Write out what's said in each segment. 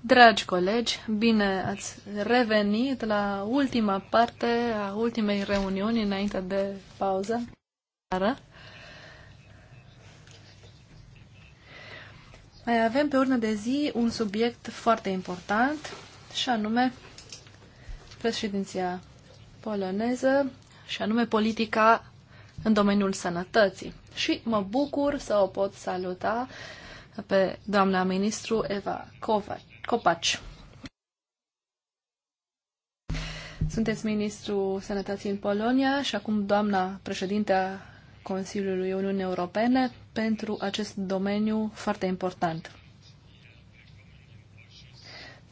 Dragi colegi, bine ați revenit la ultima parte a ultimei reuniuni înainte de pauză. Mai avem pe urmă de zi un subiect foarte important și anume președinția poloneză și anume politica în domeniul sănătății. Și mă bucur să o pot saluta uh, pe doamna ministru Eva Copaci. Sunteți ministru sănătății în Polonia și acum doamna președinte a Consiliului Uniunii Europene pentru acest domeniu foarte important.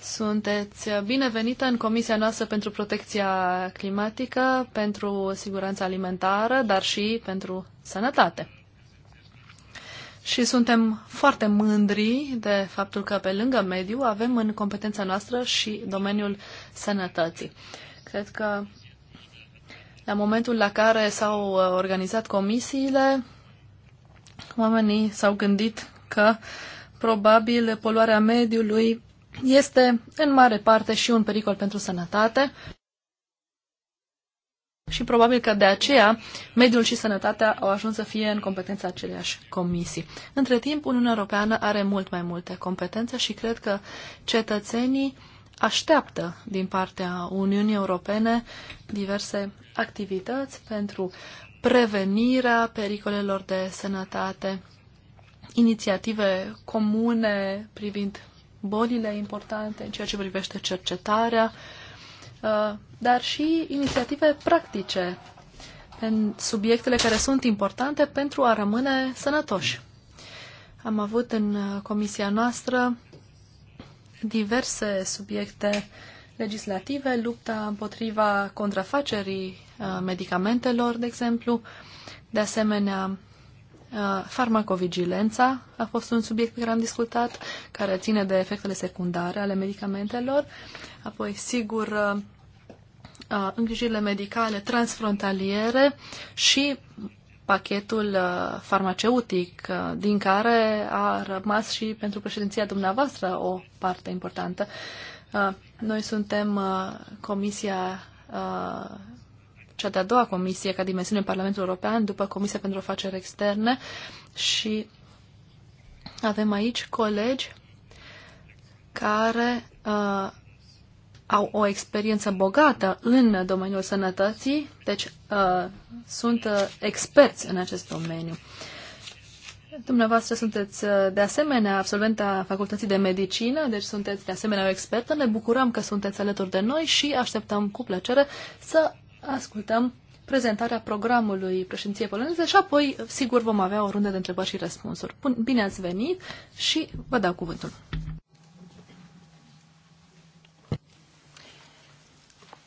Sunteți binevenită în Comisia noastră pentru protecția climatică, pentru siguranța alimentară, dar și pentru sănătate. Și suntem foarte mândri de faptul că pe lângă mediu avem în competența noastră și domeniul sănătății. Cred că la momentul la care s-au uh, organizat comisiile, oamenii s-au gândit că probabil poluarea mediului este în mare parte și un pericol pentru sănătate și probabil că de aceea mediul și sănătatea au ajuns să fie în competența aceleași comisii. Între timp, Uniunea Europeană are mult mai multe competențe și cred că cetățenii așteaptă din partea Uniunii Europene diverse activități pentru prevenirea pericolelor de sănătate, inițiative comune privind bolile importante în ceea ce privește cercetarea, Uh, dar și inițiative practice în subiectele care sunt importante pentru a rămâne sănătoși. Am avut în uh, comisia noastră diverse subiecte legislative, lupta împotriva contrafacerii uh, medicamentelor, de exemplu, de asemenea farmacovigilența a fost un subiect pe care am discutat, care ține de efectele secundare ale medicamentelor, apoi, sigur, îngrijirile medicale transfrontaliere și pachetul farmaceutic, din care a rămas și pentru președinția dumneavoastră o parte importantă. noi suntem comisia, cea de-a doua comisie ca dimensiune în Parlamentul European, după Comisia pentru Afaceri Externe și avem aici colegi care uh, au o experiență bogată în domeniul sănătății, deci uh, sunt uh, experți în acest domeniu. Dumneavoastră sunteți uh, de asemenea absolventa Facultății de Medicină, deci sunteți de asemenea o expertă. Ne bucurăm că sunteți alături de noi și așteptăm cu plăcere să ascultăm prezentarea programului președinției poloneze și apoi, sigur, vom avea o rundă de întrebări și răspunsuri. Bine ați venit și vă dau cuvântul.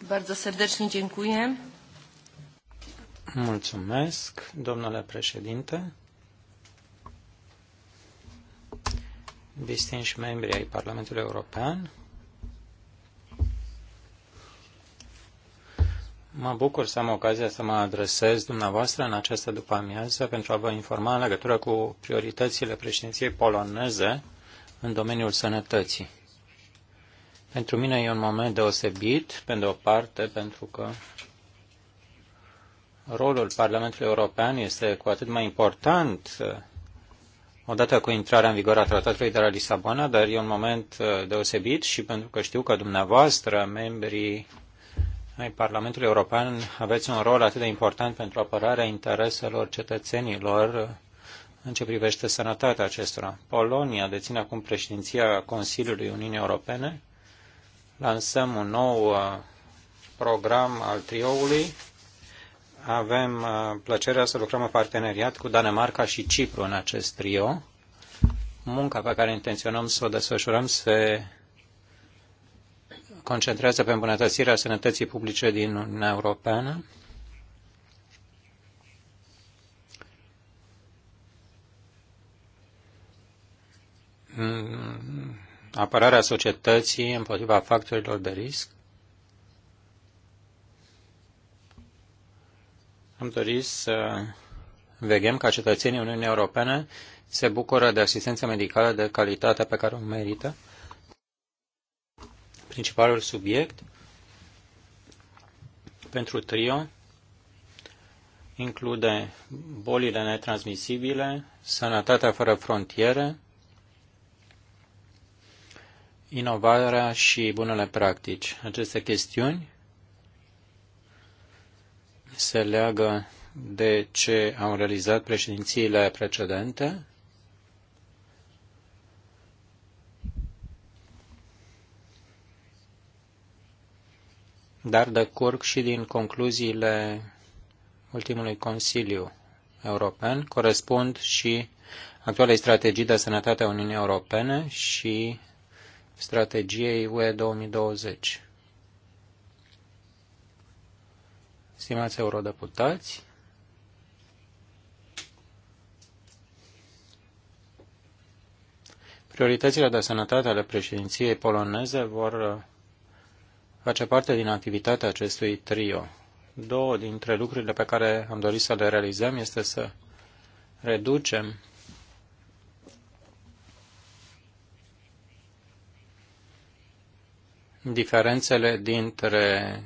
Bardzo serdecznie dziękuję. Mulțumesc, domnule președinte. Distinși membri ai Parlamentului European, Mă bucur să am ocazia să mă adresez dumneavoastră în această după-amiază pentru a vă informa în legătură cu prioritățile președinției poloneze în domeniul sănătății. Pentru mine e un moment deosebit, pe de o parte, pentru că rolul Parlamentului European este cu atât mai important uh, odată cu intrarea în vigoare a Tratatului de la Lisabona, dar e un moment uh, deosebit și pentru că știu că dumneavoastră, membrii ai Parlamentului European, aveți un rol atât de important pentru apărarea intereselor cetățenilor uh, în ce privește sănătatea acestora. Polonia deține acum președinția Consiliului Uniunii Europene lansăm un nou uh, program al trioului. Avem uh, plăcerea să lucrăm în parteneriat cu Danemarca și Cipru în acest trio. Munca pe care intenționăm să o desfășurăm se concentrează pe îmbunătățirea sănătății publice din Uniunea Europeană. Mm apărarea societății împotriva factorilor de risc. Am dorit să vegem ca cetățenii Uniunii Europene se bucură de asistență medicală de calitate pe care o merită. Principalul subiect pentru trio include bolile netransmisibile, sănătatea fără frontiere, inovarea și bunele practici. Aceste chestiuni se leagă de ce au realizat președințiile precedente dar decurg și din concluziile ultimului Consiliu European, corespund și actualei strategii de sănătate a Uniunii Europene și strategiei UE 2020. Stimați eurodeputați, prioritățile de sănătate ale președinției poloneze vor uh, face parte din activitatea acestui trio. Două dintre lucrurile pe care am dorit să le realizăm este să reducem diferențele dintre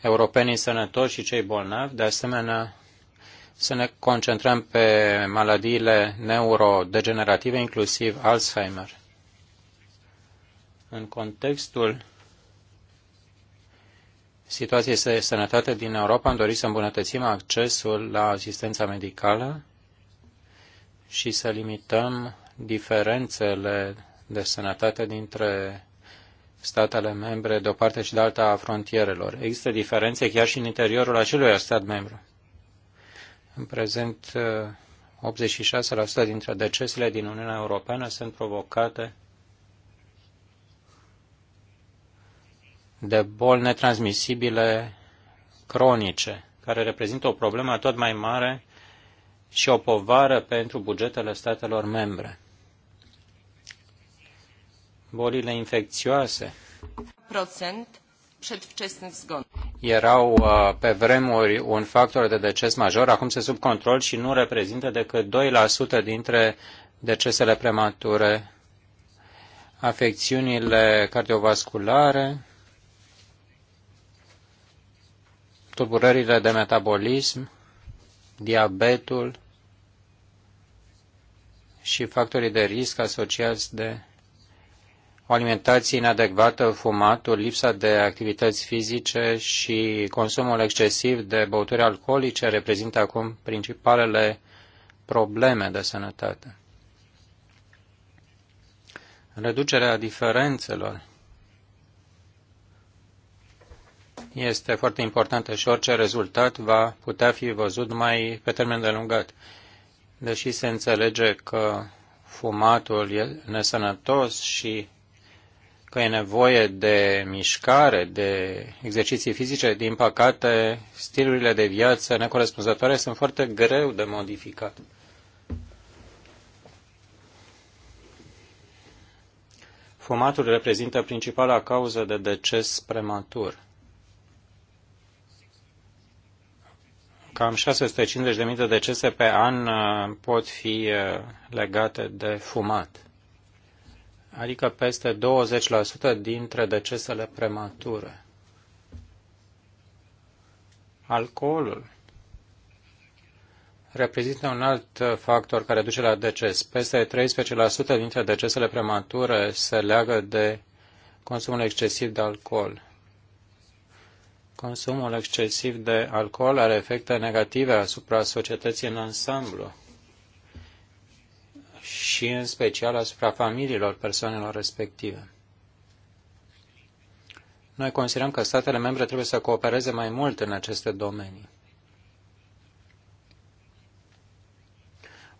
europenii sănătoși și cei bolnavi, de asemenea să ne concentrăm pe maladiile neurodegenerative, inclusiv Alzheimer. În contextul situației de sănătate din Europa, am dorit să îmbunătățim accesul la asistența medicală și să limităm diferențele de sănătate dintre statele membre de o parte și de alta a frontierelor. Există diferențe chiar și în interiorul acelui stat membru. În prezent, 86% dintre decesele din Uniunea Europeană sunt provocate de boli netransmisibile cronice, care reprezintă o problemă tot mai mare și o povară pentru bugetele statelor membre bolile infecțioase przedwczesnych zgonów. Erau uh, pe vremuri un factor de deces major, acum se sub control și nu reprezintă decât 2% dintre decesele premature, afecțiunile cardiovasculare, tulburările de metabolism, diabetul și factorii de risc asociați de o alimentație inadecvată, fumatul, lipsa de activități fizice și consumul excesiv de băuturi alcoolice reprezintă acum principalele probleme de sănătate. Reducerea diferențelor este foarte importantă și orice rezultat va putea fi văzut mai pe termen de lungat. Deși se înțelege că fumatul e nesănătos și că e nevoie de mișcare, de exerciții fizice. Din păcate, stilurile de viață necorespunzătoare sunt foarte greu de modificat. Fumatul reprezintă principala cauză de deces prematur. Cam 650.000 de decese pe an uh, pot fi uh, legate de fumat adică peste 20% dintre decesele premature. Alcoolul reprezintă un alt factor care duce la deces. Peste 13% dintre decesele premature se leagă de consumul excesiv de alcool. Consumul excesiv de alcool are efecte negative asupra societății în ansamblu și în special asupra familiilor persoanelor respective. Noi considerăm că statele membre trebuie să coopereze mai mult în aceste domenii.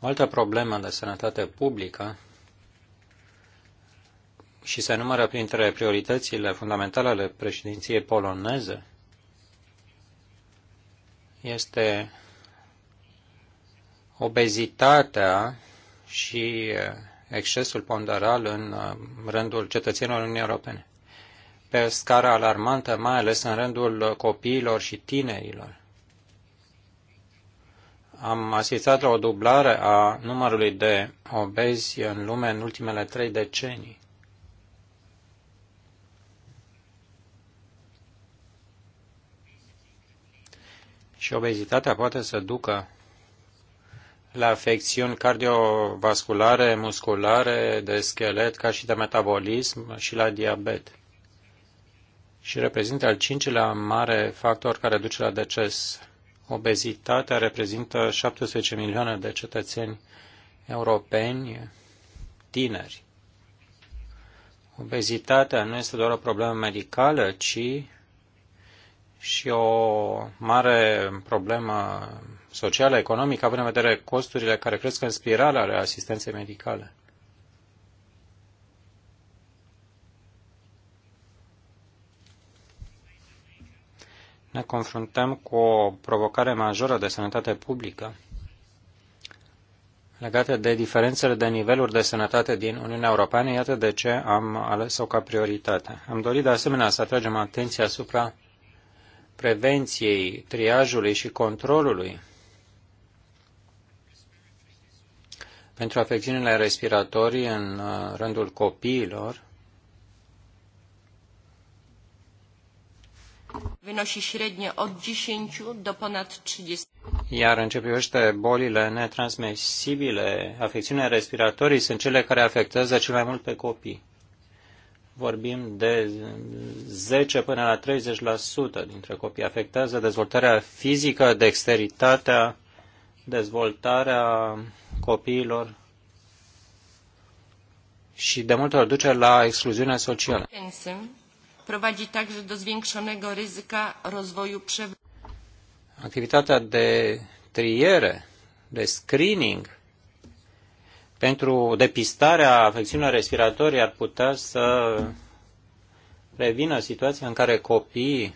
O altă problemă de sănătate publică și se numără printre prioritățile fundamentale ale președinției poloneze este obezitatea și uh, excesul ponderal în uh, rândul cetățenilor Uniunii Europene, pe scară alarmantă, mai ales în rândul copiilor și tinerilor. Am asistat la o dublare a numărului de obezi în lume în ultimele trei decenii. Și obezitatea poate să ducă la afecțiuni cardiovasculare, musculare, de schelet, ca și de metabolism și la diabet. Și reprezintă al cincilea mare factor care duce la deces. Obezitatea reprezintă 17 milioane de cetățeni europeni tineri. Obezitatea nu este doar o problemă medicală, ci și o mare problemă socială, economică, având în vedere costurile care cresc în spirală ale asistenței medicale. Ne confruntăm cu o provocare majoră de sănătate publică legată de diferențele de niveluri de sănătate din Uniunea Europeană, iată de ce am ales-o ca prioritate. Am dorit de asemenea să atragem atenția asupra prevenției, triajului și controlului pentru afecțiunile respiratorii în uh, rândul copiilor. 10 30. Iar în ce privește bolile netransmisibile, afecțiunile respiratorii sunt cele care afectează cel mai mult pe copii vorbim de 10 până la 30% dintre copii. Afectează dezvoltarea fizică, dexteritatea, dezvoltarea copiilor și de multe ori duce la excluziunea socială. Activitatea de triere, de screening, pentru depistarea afecțiunilor respiratorii ar putea să revină situația în care copiii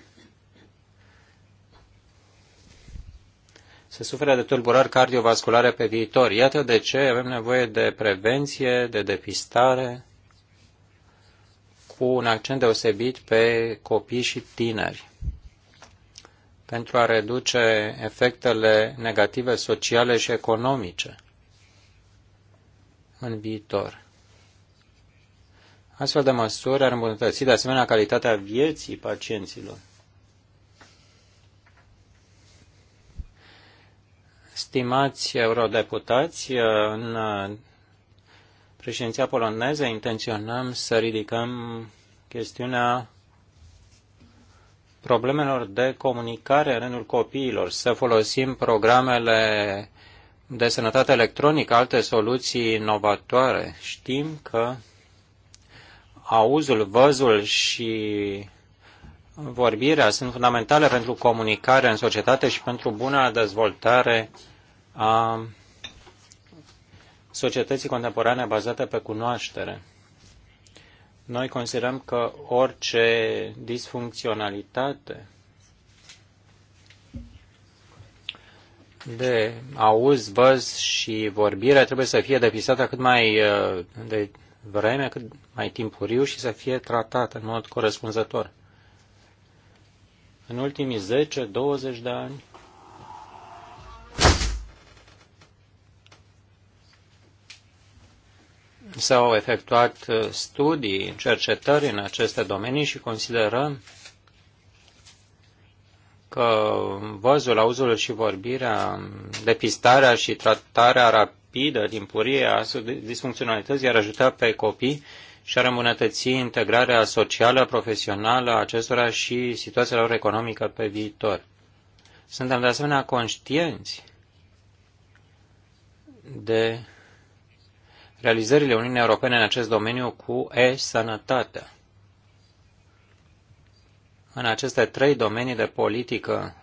se suferă de tulburări cardiovasculare pe viitor. Iată de ce avem nevoie de prevenție, de depistare, cu un accent deosebit pe copii și tineri, pentru a reduce efectele negative sociale și economice în viitor. Astfel de măsuri ar îmbunătăți de asemenea calitatea vieții pacienților. Stimați eurodeputați, în președinția poloneză intenționăm să ridicăm chestiunea problemelor de comunicare în rândul copiilor, să folosim programele de sănătate electronică, alte soluții inovatoare. Știm că auzul, văzul și vorbirea sunt fundamentale pentru comunicare în societate și pentru buna dezvoltare a societății contemporane bazate pe cunoaștere. Noi considerăm că orice disfuncționalitate de auz, văz și vorbire trebuie să fie depisată cât mai uh, de vreme, cât mai timpuriu și să fie tratată în mod corespunzător. În ultimii 10-20 de ani, s-au efectuat uh, studii, cercetări în aceste domenii și considerăm că văzul, auzul și vorbirea, depistarea și tratarea rapidă, timpurie a disfuncționalității ar ajuta pe copii și ar îmbunătăți integrarea socială, profesională a acestora și situația lor economică pe viitor. Suntem de asemenea conștienți de realizările Uniunii Europene în acest domeniu cu e-sănătatea în aceste trei domenii de politică,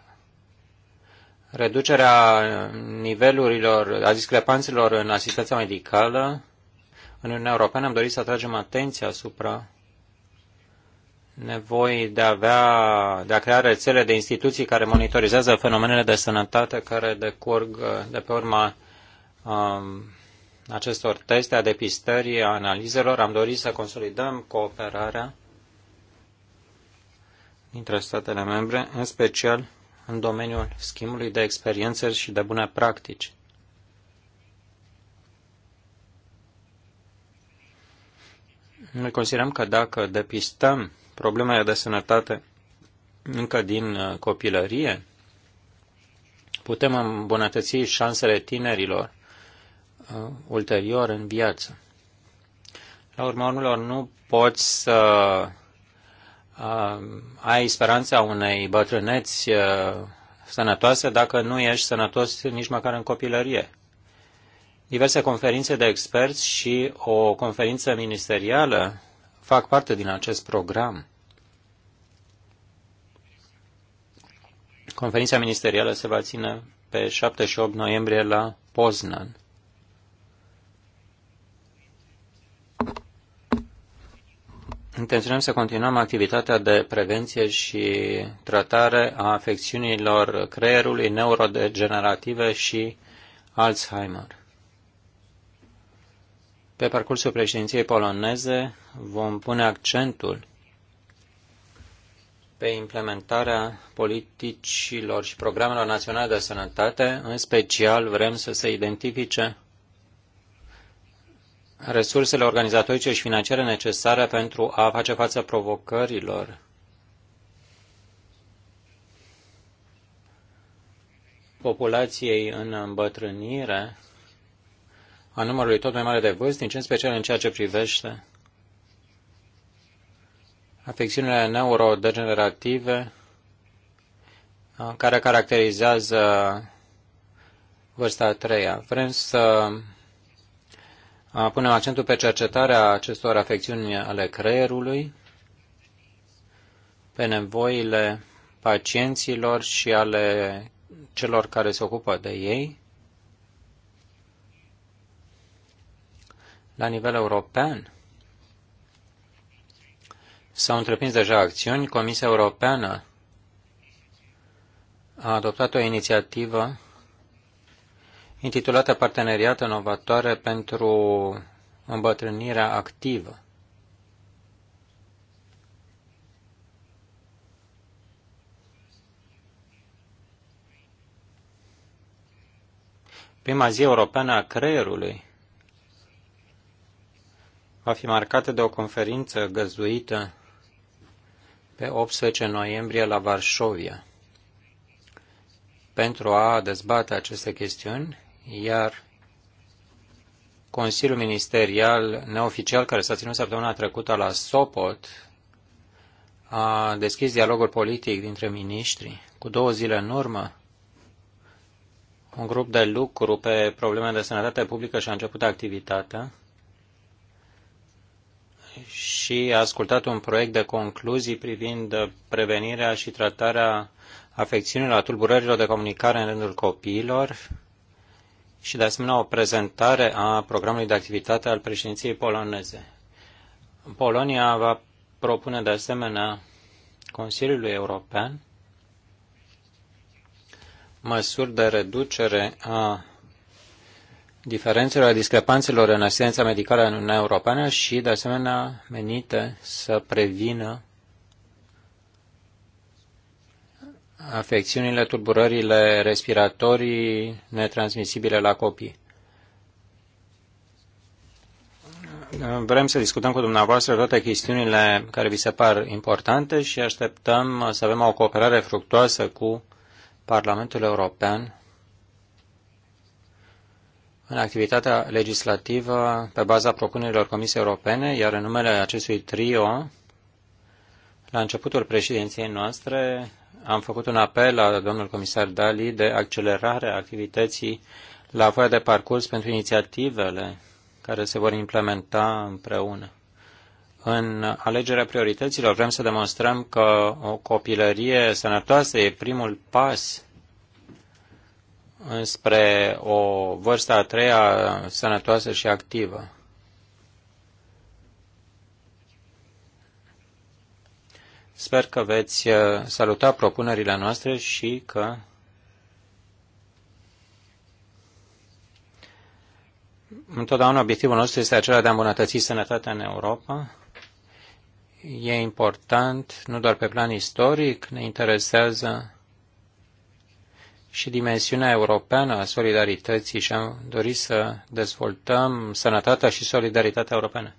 reducerea nivelurilor, a discrepanțelor în asistența medicală, în Uniunea Europeană am dorit să atragem atenția asupra nevoii de a, avea, de a crea rețele de instituții care monitorizează fenomenele de sănătate care decurg uh, de pe urma um, acestor teste, a depistării, a analizelor. Am dorit să consolidăm cooperarea dintre statele membre, în special în domeniul schimbului de experiențe și de bune practici. Noi considerăm că dacă depistăm problemele de sănătate încă din uh, copilărie, putem îmbunătăți șansele tinerilor uh, ulterior în viață. La urma urmelor, nu poți să Um, ai speranța unei bătrâneți uh, sănătoase dacă nu ești sănătos nici măcar în copilărie. Diverse conferințe de experți și o conferință ministerială fac parte din acest program. Conferința ministerială se va ține pe 7 și 8 noiembrie la Poznan. Intenționăm să continuăm activitatea de prevenție și tratare a afecțiunilor creierului, neurodegenerative și Alzheimer. Pe parcursul președinției poloneze vom pune accentul pe implementarea politicilor și programelor naționale de sănătate, în special vrem să se identifice resursele organizatorice și financiare necesare pentru a face față provocărilor populației în îmbătrânire, a numărului tot mai mare de vârstnici, în special în ceea ce privește afecțiunile neurodegenerative care caracterizează vârsta a treia. Vrem să punem accentul pe cercetarea acestor afecțiuni ale creierului, pe nevoile pacienților și ale celor care se ocupă de ei. La nivel european s-au întreprins deja acțiuni. Comisia Europeană a adoptat o inițiativă intitulată "Parteneriat inovatoare pentru îmbătrânirea activă. Prima zi europeană a creierului va fi marcată de o conferință găzduită pe 18 noiembrie la Varșovia pentru a dezbate aceste chestiuni iar Consiliul Ministerial neoficial care s-a ținut săptămâna trecută la Sopot a deschis dialogul politic dintre miniștri. Cu două zile în urmă, un grup de lucru pe probleme de sănătate publică și-a început activitatea și a ascultat un proiect de concluzii privind prevenirea și tratarea afecțiunilor, a tulburărilor de comunicare în rândul copiilor și de asemenea o prezentare a programului de activitate al președinției poloneze. Polonia va propune de asemenea Consiliului European măsuri de reducere a diferențelor, a discrepanțelor în asistența medicală în Uniunea Europeană și, de asemenea, menite să prevină afecțiunile, tulburările respiratorii netransmisibile la copii. Vrem să discutăm cu dumneavoastră toate chestiunile care vi se par importante și așteptăm să avem o cooperare fructuoasă cu Parlamentul European în activitatea legislativă pe baza propunerilor Comisiei Europene, iar în numele acestui trio, la începutul președinției noastre, am făcut un apel la domnul comisar Dali de accelerare a activității la voia de parcurs pentru inițiativele care se vor implementa împreună. În alegerea priorităților vrem să demonstrăm că o copilărie sănătoasă e primul pas înspre o vârstă a treia sănătoasă și activă. Sper că veți uh, saluta propunerile noastre și că întotdeauna obiectivul nostru este acela de a îmbunătăți sănătatea în Europa. E important, nu doar pe plan istoric, ne interesează și dimensiunea europeană a solidarității și am dorit să dezvoltăm sănătatea și solidaritatea europeană.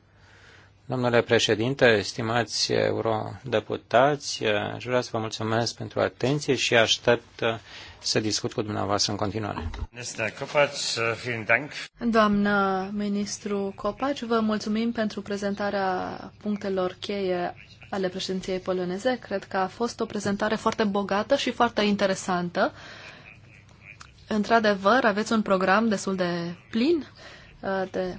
Domnule președinte, stimați eurodeputați, aș vrea să vă mulțumesc pentru atenție și aștept să discut cu dumneavoastră în continuare. Doamnă ministru Copaci, vă mulțumim pentru prezentarea punctelor cheie ale președinției poloneze. Cred că a fost o prezentare foarte bogată și foarte interesantă. Într-adevăr, aveți un program destul de plin de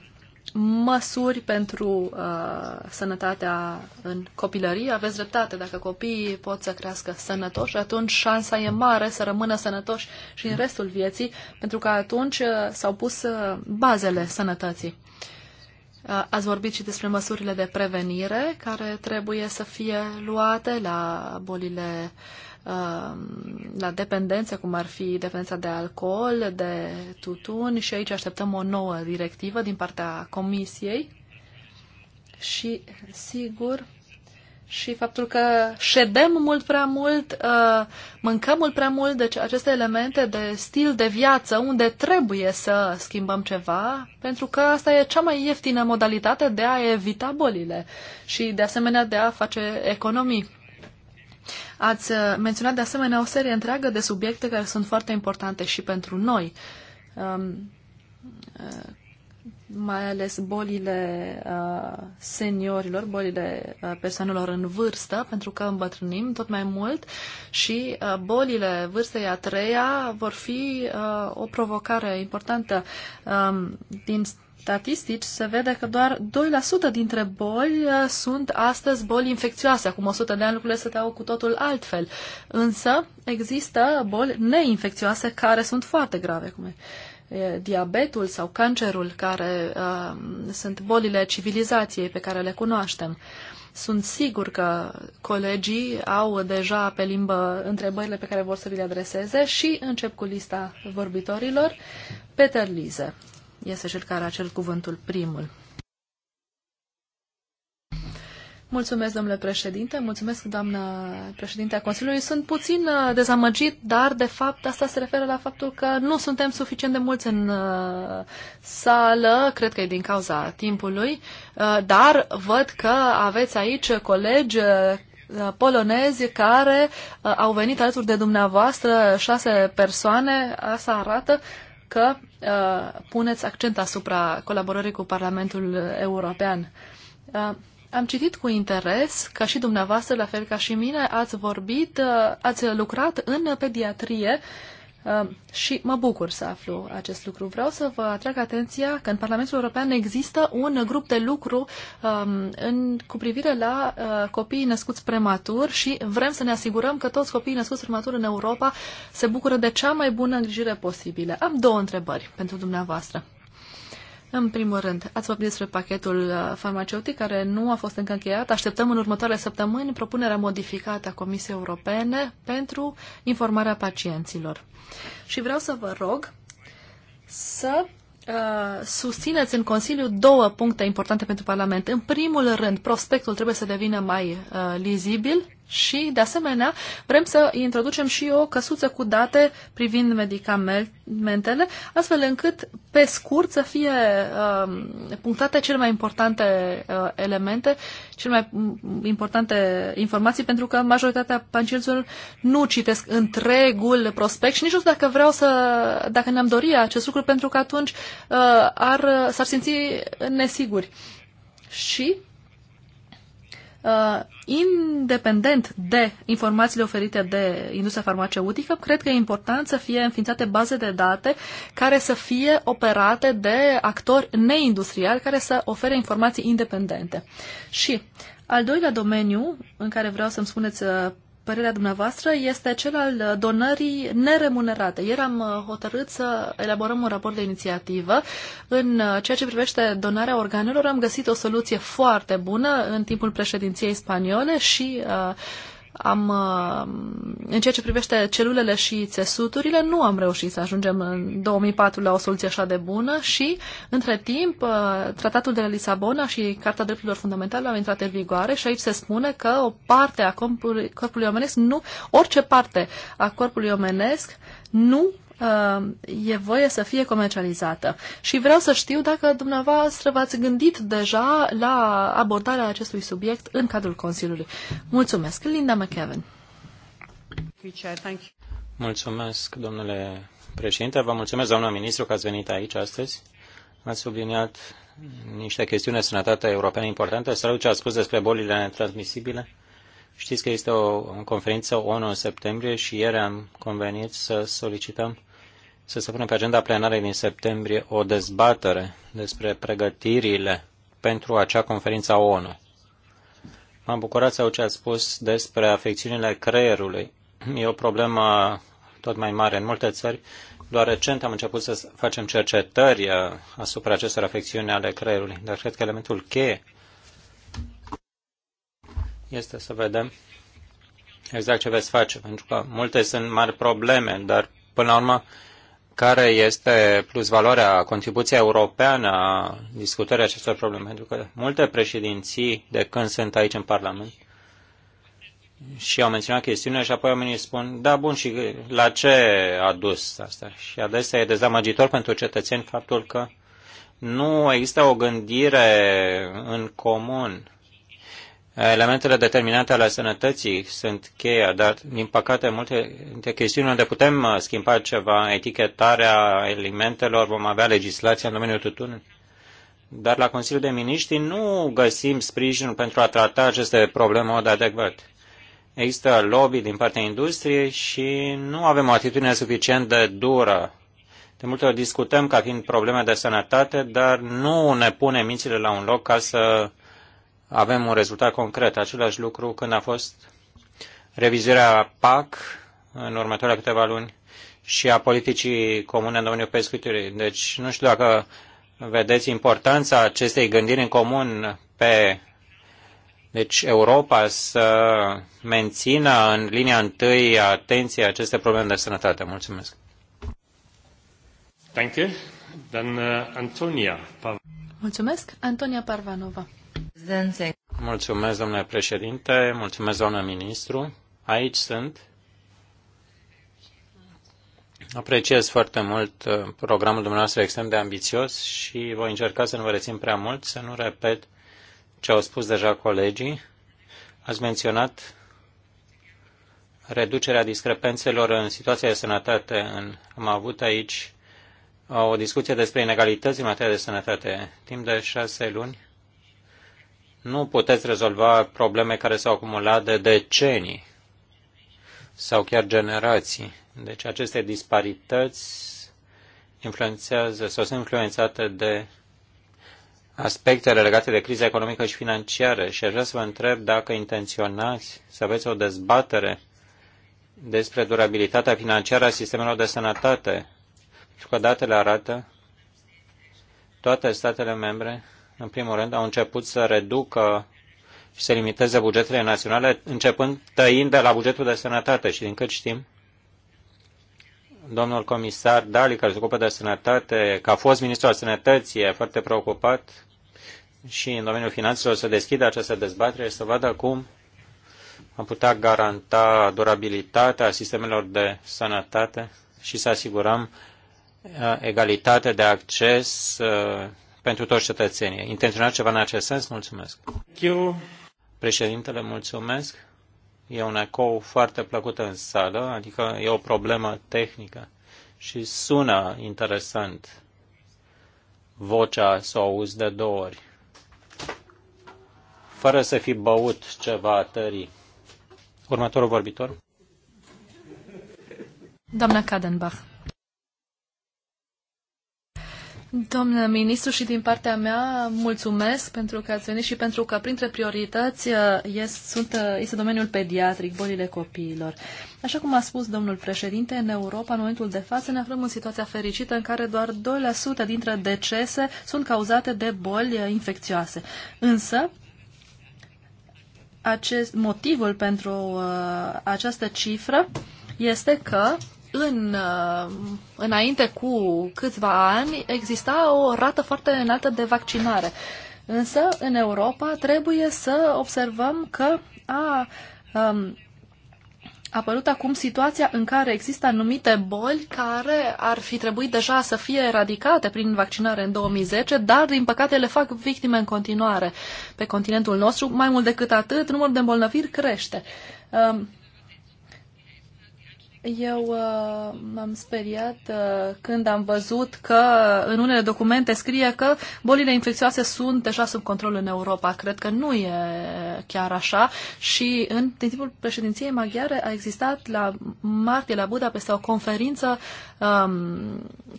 măsuri pentru uh, sănătatea în copilărie. Aveți dreptate, dacă copiii pot să crească sănătoși, atunci șansa e mare să rămână sănătoși și în restul vieții, pentru că atunci uh, s-au pus uh, bazele sănătății. Uh, ați vorbit și despre măsurile de prevenire care trebuie să fie luate la bolile uh, la dependențe, cum ar fi dependența de alcool, de tutun și aici așteptăm o nouă directivă din partea Comisiei și, sigur, și faptul că ședem mult prea mult, uh, mâncăm mult prea mult, deci aceste elemente de stil de viață unde trebuie să schimbăm ceva, pentru că asta e cea mai ieftină modalitate de a evita bolile și de asemenea de a face economii. Ați uh, menționat de asemenea o serie întreagă de subiecte care sunt foarte importante și pentru noi, um, uh, mai ales bolile uh, seniorilor, bolile persoanelor în vârstă, pentru că îmbătrânim tot mai mult și bolile vârstei a treia vor fi o provocare importantă um, din statistici se vede că doar 2% dintre boli uh, sunt astăzi boli infecțioase. Acum 100 de ani lucrurile teau cu totul altfel. Însă există boli neinfecțioase care sunt foarte grave, cum e diabetul sau cancerul, care uh, sunt bolile civilizației pe care le cunoaștem. Sunt sigur că colegii au deja pe limbă întrebările pe care vor să vi le adreseze și încep cu lista vorbitorilor. Peter Lize este cel care a cuvântul primul. Mulțumesc, domnule președinte, mulțumesc, doamna președinte a Consiliului. Sunt puțin uh, dezamăgit, dar, de fapt, asta se referă la faptul că nu suntem suficient de mulți în uh, sală, cred că e din cauza timpului, uh, dar văd că aveți aici colegi polonezi care au venit alături de dumneavoastră, șase persoane, asta arată că uh, puneți accent asupra colaborării cu Parlamentul European. Uh, am citit cu interes, că și dumneavoastră, la fel ca și mine, ați vorbit, uh, ați lucrat în pediatrie uh, Ehm, și mă bucur să aflu acest lucru. Vreau să vă atrag atenția că în Parlamentul European există un grup de lucru um, în, cu privire la uh, copiii născuți prematur și vrem să ne asigurăm că toți copiii născuți prematur în Europa se bucură de cea mai bună îngrijire posibilă. Am două întrebări pentru dumneavoastră. În primul rând, ați vorbit despre pachetul uh, farmaceutic care nu a fost încă încheiat. Așteptăm în următoarele săptămâni propunerea modificată a Comisiei Europene pentru informarea pacienților. Și vreau să vă rog să uh, susțineți în Consiliu două puncte importante pentru Parlament. În primul rând, prospectul trebuie să devină mai uh, lizibil și, de asemenea, vrem să introducem și o căsuță cu date privind medicamentele, astfel încât, pe scurt, să fie uh, punctate cele mai importante uh, elemente, cele mai importante informații, pentru că majoritatea pacienților nu citesc întregul prospect și nici nu știu dacă vreau să, dacă ne-am dori acest lucru, pentru că atunci uh, ar, s-ar simți nesiguri. Și uh, independent de informațiile oferite de industria farmaceutică, cred că e important să fie înființate baze de date care să fie operate de actori neindustriali care să ofere informații independente. Și al doilea domeniu în care vreau să-mi spuneți uh, părerea dumneavoastră este cel al donării neremunerate. Ieri am uh, hotărât să elaborăm un raport de inițiativă. În uh, ceea ce privește donarea organelor, am găsit o soluție foarte bună în timpul președinției spaniole și uh, am, uh, în ceea ce privește celulele și țesuturile, nu am reușit să ajungem în 2004 la o soluție așa de bună și, între timp, uh, Tratatul de la Lisabona și Carta Drepturilor Fundamentale au intrat în vigoare și aici se spune că o parte a corpului, corpului omenesc, nu, orice parte a corpului omenesc nu Uh, e voie să fie comercializată. Și vreau să știu dacă dumneavoastră v-ați gândit deja la abordarea acestui subiect în cadrul Consiliului. Mulțumesc. Linda McKevin. Mulțumesc, domnule președinte. Vă mulțumesc, doamna ministru, că ați venit aici astăzi. Ați subliniat niște chestiuni de sănătate europeană importante. Să ce ați spus despre bolile transmisibile. Știți că este o conferință ONU în septembrie și ieri am convenit să solicităm să se pună pe agenda plenară din septembrie o dezbatere despre pregătirile pentru acea conferință ONU. M-am bucurat să ce ați spus despre afecțiunile creierului. E o problemă tot mai mare în multe țări. Doar recent am început să facem cercetări uh, asupra acestor afecțiuni ale creierului, dar cred că elementul cheie este să vedem exact ce veți face, pentru că multe sunt mari probleme, dar până la urmă care este plus valoarea contribuției europeană a discutării acestor probleme, pentru că multe președinții de când sunt aici în Parlament și au menționat chestiunea și apoi oamenii spun, da, bun, și la ce a dus asta? Și adesea e dezamăgitor pentru cetățeni faptul că nu există o gândire în comun Elementele determinante ale sănătății sunt cheia, dar din păcate multe dintre chestiuni unde putem uh, schimba ceva, etichetarea alimentelor, vom avea legislația în domeniul tutunului. Dar la Consiliul de Miniștri nu găsim sprijinul pentru a trata aceste probleme în mod adecvat. Există lobby din partea industriei și nu avem o atitudine suficient de dură. De multe ori discutăm ca fiind probleme de sănătate, dar nu ne punem mințile la un loc ca să avem un rezultat concret. Același lucru când a fost revizuirea PAC în următoarele câteva luni și a politicii comune în domeniul pescuitului. Deci nu știu dacă vedeți importanța acestei gândiri în comun pe deci Europa să mențină în linia întâi atenție aceste probleme de sănătate. Mulțumesc. Danke. Dan uh, Antonia. Mulțumesc, Antonia Parvanova. Mulțumesc, domnule președinte, mulțumesc, doamnă ministru. Aici sunt. Apreciez foarte mult uh, programul dumneavoastră extrem de ambițios și voi încerca să nu vă rețin prea mult, să nu repet ce au spus deja colegii. Ați menționat reducerea discrepențelor în situația de sănătate. Am avut aici o discuție despre inegalități în materie de sănătate. Timp de șase luni nu puteți rezolva probleme care s-au acumulat de decenii sau chiar generații. Deci aceste disparități influențează sau sunt influențate de aspectele legate de criza economică și financiară și aș vrea să vă întreb dacă intenționați să aveți o dezbatere despre durabilitatea financiară a sistemelor de sănătate, pentru că datele arată toate statele membre în primul rând, au început să reducă și să limiteze bugetele naționale, începând tăind de la bugetul de sănătate. Și din cât știm, domnul comisar Dali, care se ocupă de sănătate, că a fost ministru al sănătății, e foarte preocupat și în domeniul finanțelor să deschidă această dezbatere și să vadă cum am putea garanta durabilitatea sistemelor de sănătate și să asigurăm uh, egalitate de acces uh, pentru toți cetățenii. Intenționat ceva în acest sens? Mulțumesc. Eu... Președintele, mulțumesc. E un ecou foarte plăcut în sală, adică e o problemă tehnică și sună interesant. Vocea s-o auzi de două ori. Fără să fi băut ceva tării. Următorul vorbitor. Doamna Kadenbach. Domnule ministru, și din partea mea mulțumesc pentru că ați venit și pentru că printre priorități uh, este, sunt, uh, este domeniul pediatric, bolile copiilor. Așa cum a spus domnul președinte, în Europa, în momentul de față, ne aflăm în situația fericită în care doar 2% dintre decese sunt cauzate de boli uh, infecțioase. Însă, acest, motivul pentru uh, această cifră este că în, uh, înainte cu câțiva ani exista o rată foarte înaltă de vaccinare. Însă, în Europa, trebuie să observăm că a um, apărut acum situația în care există anumite boli care ar fi trebuit deja să fie eradicate prin vaccinare în 2010, dar, din păcate, le fac victime în continuare pe continentul nostru. Mai mult decât atât, numărul de îmbolnăviri crește. Um, eu uh, m-am speriat uh, când am văzut că în unele documente scrie că bolile infecțioase sunt deja sub control în Europa. Cred că nu e chiar așa și în în timpul președinției maghiare a existat la martie la Budapesta o conferință um,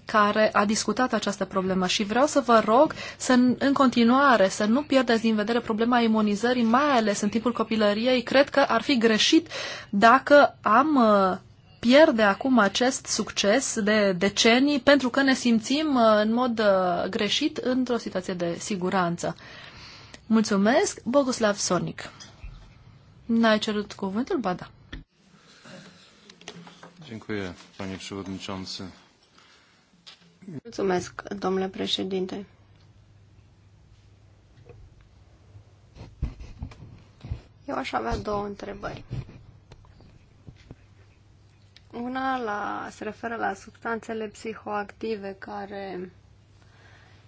care a discutat această problemă și vreau să vă rog să în continuare să nu pierdeți din vedere problema imunizării, mai ales în timpul copilăriei. Cred că ar fi greșit dacă am uh, pierde acum acest succes de decenii pentru că ne simțim uh, în mod uh, greșit într-o situație de siguranță. Mulțumesc, Boguslav Sonic. N-ai cerut cuvântul? Ba da. Mulțumesc, domnule președinte. Eu aș avea două întrebări. Una la, se referă la substanțele psihoactive care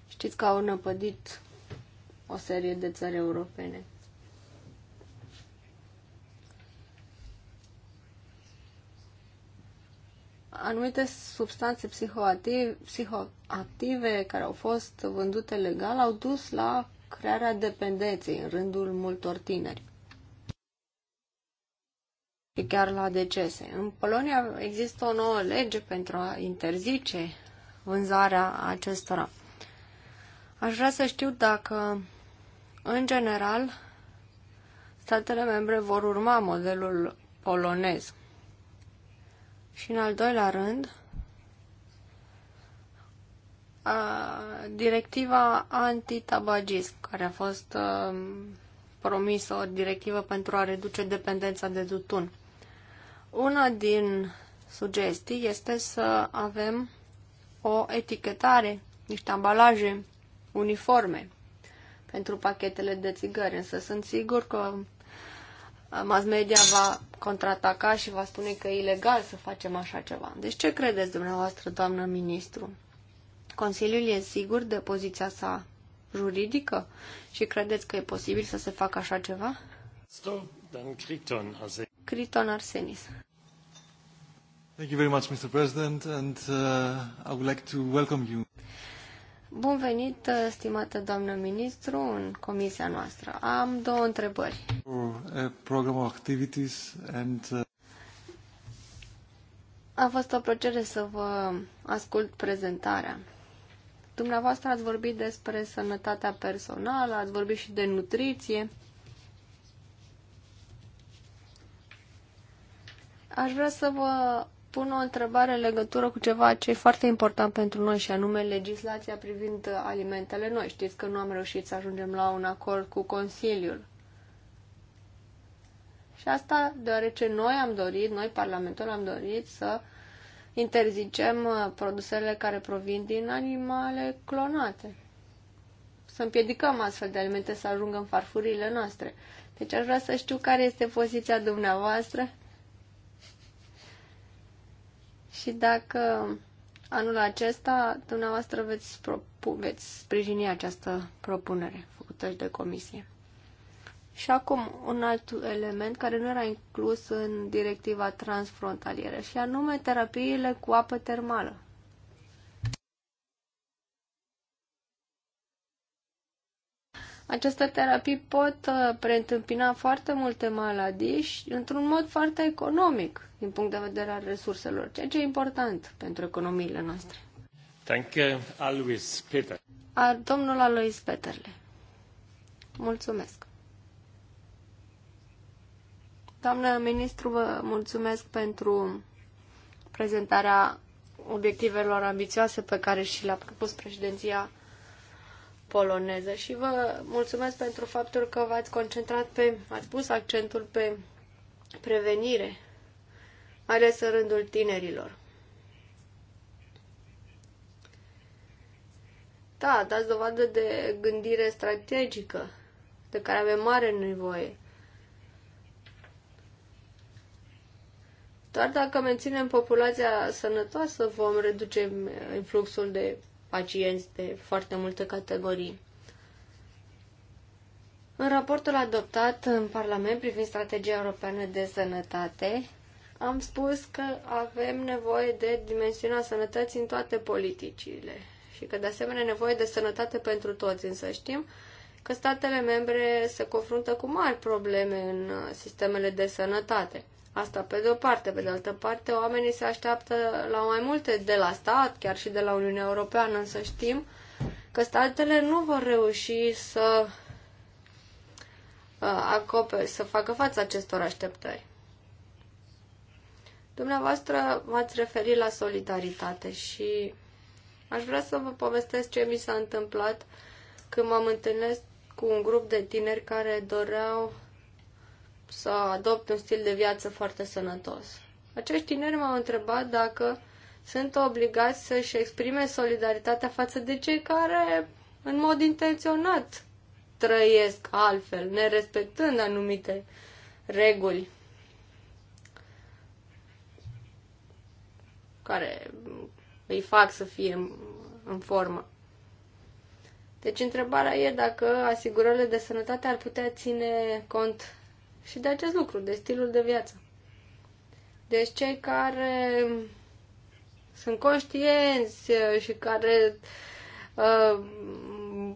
știți că au năpădit o serie de țări europene. Anumite substanțe psihoactive care au fost vândute legal au dus la crearea dependenței în rândul multor tineri și chiar la decese. În Polonia există o nouă lege pentru a interzice vânzarea acestora. Aș vrea să știu dacă, în general, statele membre vor urma modelul polonez. Și, în al doilea rând, a, directiva antitabagism, care a fost a, um, promisă o directivă pentru a reduce dependența de tutun. Una din sugestii este să avem o etichetare, niște ambalaje uniforme pentru pachetele de țigări, însă sunt sigur că mass media va contraataca și va spune că e ilegal să facem așa ceva. Deci ce credeți dumneavoastră, doamnă ministru? Consiliul e sigur de poziția sa juridică și credeți că e posibil să se facă așa ceva? Criton Arsenis. Thank you very much, Mr. President, and uh, I would like to welcome you. Bun venit, uh, stimată doamnă ministru, în comisia noastră. Am două întrebări. Uh, program activities and, uh... A fost o plăcere să vă ascult prezentarea. Dumneavoastră ați vorbit despre sănătatea personală, ați vorbit și de nutriție. Aș vrea să vă pun o întrebare în legătură cu ceva ce e foarte important pentru noi și anume legislația privind alimentele noi. Știți că nu am reușit să ajungem la un acord cu Consiliul. Și asta deoarece noi am dorit, noi Parlamentul am dorit să interzicem uh, produsele care provin din animale clonate. Să împiedicăm astfel de alimente să ajungă în farfurile noastre. Deci aș vrea să știu care este poziția dumneavoastră și dacă anul acesta dumneavoastră veți, veți sprijini această propunere făcută de comisie. Și acum un alt element care nu era inclus în directiva transfrontalieră și anume terapiile cu apă termală. Aceste terapii pot uh, preîntâmpina foarte multe maladii într-un mod foarte economic din punct de vedere al resurselor, ceea ce e important pentru economiile noastre. Thank you, Alois Peter. A, domnul Alois Peterle. Mulțumesc. Doamnă ministru, vă mulțumesc pentru prezentarea obiectivelor ambițioase pe care și le-a propus președinția poloneză și vă mulțumesc pentru faptul că v-ați concentrat pe, ați pus accentul pe prevenire, mai ales în rândul tinerilor. Da, dați dovadă de gândire strategică, de care avem mare nevoie. Doar dacă menținem populația sănătoasă vom reduce influxul de pacienți de foarte multe categorii. În raportul adoptat în Parlament privind strategia europeană de sănătate, am spus că avem nevoie de dimensiunea sănătății în toate politicile și că de asemenea nevoie de sănătate pentru toți, însă știm că statele membre se confruntă cu mari probleme în sistemele de sănătate. Asta pe de o parte. Pe de altă parte, oamenii se așteaptă la mai multe de la stat, chiar și de la Uniunea Europeană, să știm că statele nu vor reuși să uh, acopere, să facă față acestor așteptări. Dumneavoastră v-ați referit la solidaritate și aș vrea să vă povestesc ce mi s-a întâmplat când m-am întâlnit cu un grup de tineri care doreau să adopte un stil de viață foarte sănătos. Acești tineri m-au întrebat dacă sunt obligați să-și exprime solidaritatea față de cei care, în mod intenționat, trăiesc altfel, nerespectând anumite reguli care îi fac să fie în formă. Deci întrebarea e dacă asigurările de sănătate ar putea ține cont și de acest lucru, de stilul de viață. Deci cei care sunt conștienți uh, și care uh,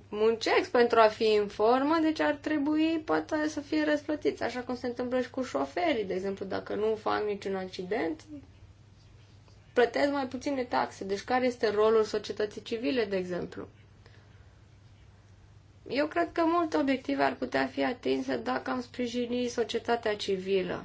muncesc pentru a fi în formă, deci ar trebui poate să fie răsplătiți, așa cum se întâmplă și cu șoferii, de exemplu, dacă nu fac niciun accident, plătesc mai puține taxe. Deci care este rolul societății civile, de exemplu? Eu cred că multe obiective ar putea fi atinse dacă am sprijini societatea civilă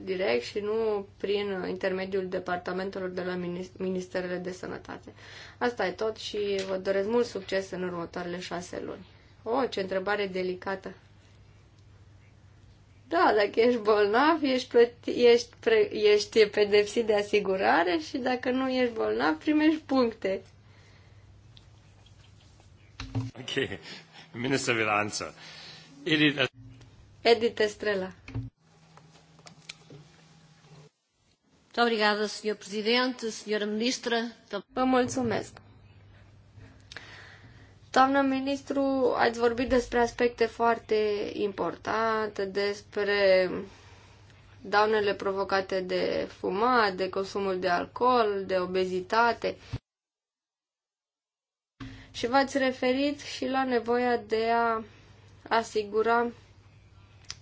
direct și nu prin intermediul departamentelor de la Ministerele de Sănătate. Asta e tot și vă doresc mult succes în următoarele șase luni. O, oh, ce întrebare delicată! Da, dacă ești bolnav, ești, plăti, ești, pre, ești pedepsit de asigurare și dacă nu ești bolnav, primești puncte. Ok, minister will answer. Edith, Edith Estrela. Muito obrigada, Sr. Presidente, Sra. Ministra. Vă mulțumesc. Doamna ministru, ați vorbit despre aspecte foarte importante, despre daunele provocate de fumat, de consumul de alcool, de obezitate. Și v-ați referit și la nevoia de a asigura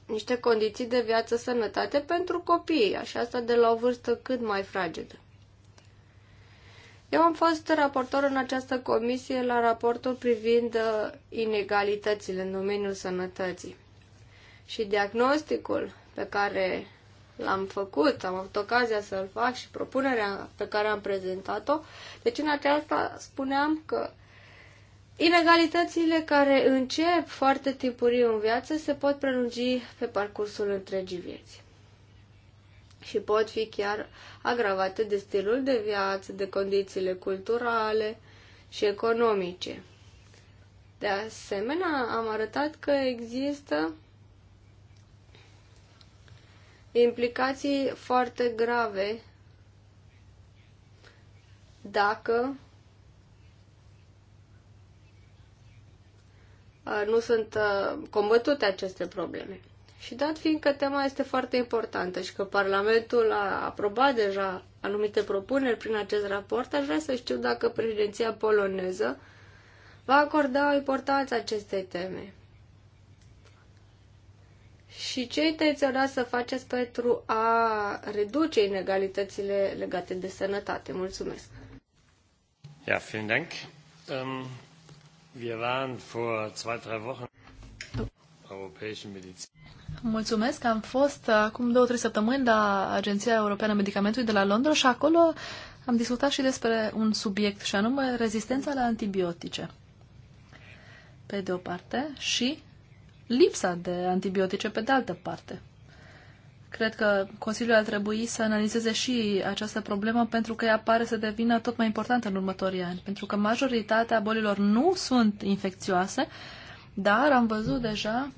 niște condiții de viață sănătate pentru copii, așa asta de la o vârstă cât mai fragedă. Eu am fost raportor în această comisie la raportul privind uh, inegalitățile în domeniul sănătății. Și diagnosticul pe care l-am făcut, am avut ocazia să-l fac și propunerea pe care am prezentat-o, deci în aceasta spuneam că Inegalitățile care încep foarte timpuriu în viață se pot prelungi pe parcursul întregii vieți și pot fi chiar agravate de stilul de viață, de condițiile culturale și economice. De asemenea, am arătat că există implicații foarte grave dacă Uh, nu sunt uh, combătute aceste probleme. Și dat fiind că tema este foarte importantă și că Parlamentul a aprobat deja anumite propuneri prin acest raport, aș vrea să știu dacă președinția poloneză va acorda o importanță acestei teme. Și ce intenționați să faceți pentru a reduce inegalitățile legate de sănătate? Mulțumesc! Ja, vielen Dank. Ähm, Wir waren vor zwei, drei Wochen oh. europäischen Medizin. Mulțumesc, am fost acum două, trei săptămâni la Agenția Europeană a Medicamentului de la Londra și acolo am discutat și despre un subiect și anume rezistența la antibiotice. Pe de o parte și lipsa de antibiotice pe de altă parte. Cred că Consiliul ar trebui să analizeze și această problemă pentru că ea pare să devină tot mai importantă în următorii ani, pentru că majoritatea bolilor nu sunt infecțioase, dar am văzut deja